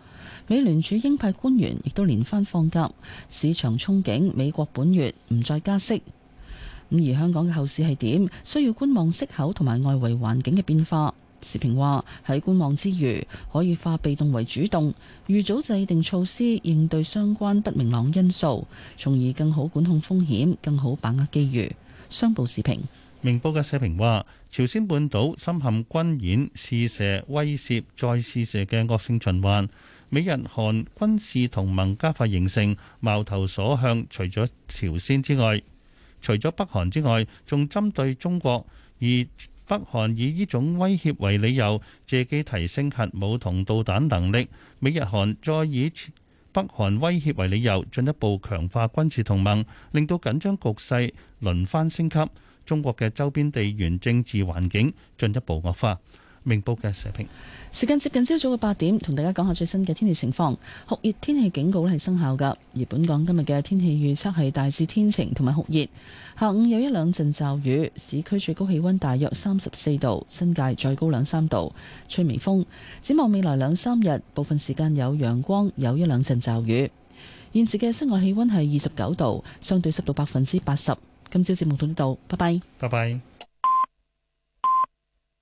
美聯儲鷹派官員亦都連番放鴿，市場憧憬美國本月唔再加息。咁而香港嘅後市係點？需要觀望息口同埋外圍環境嘅變化。時評話喺觀望之餘，可以化被動為主動，預早制定措施應對相關不明朗因素，從而更好管控風險，更好把握機遇。商報時評，明報嘅社評話：朝鮮半島深陷軍演、試射、威脅、再試射嘅惡性循環。美日韓軍事同盟加快形成，矛頭所向除咗朝鮮之外，除咗北韓之外，仲針對中國。而北韓以呢種威脅為理由，借機提升核武同導彈能力。美日韓再以北韓威脅為理由，進一步強化軍事同盟，令到緊張局勢輪番升級。中國嘅周邊地緣政治環境進一步惡化。明報嘅社評，時間接近朝早嘅八點，同大家講下最新嘅天氣情況。酷熱天氣警告咧係生效噶，而本港今日嘅天氣預測係大致天晴同埋酷熱，下午有一兩陣驟雨。市區最高氣溫大約三十四度，新界再高兩三度，吹微風。展望未來兩三日，部分時間有陽光，有一兩陣驟雨。現時嘅室外氣溫係二十九度，相對濕度百分之八十。今朝節目到呢度，拜拜，拜拜。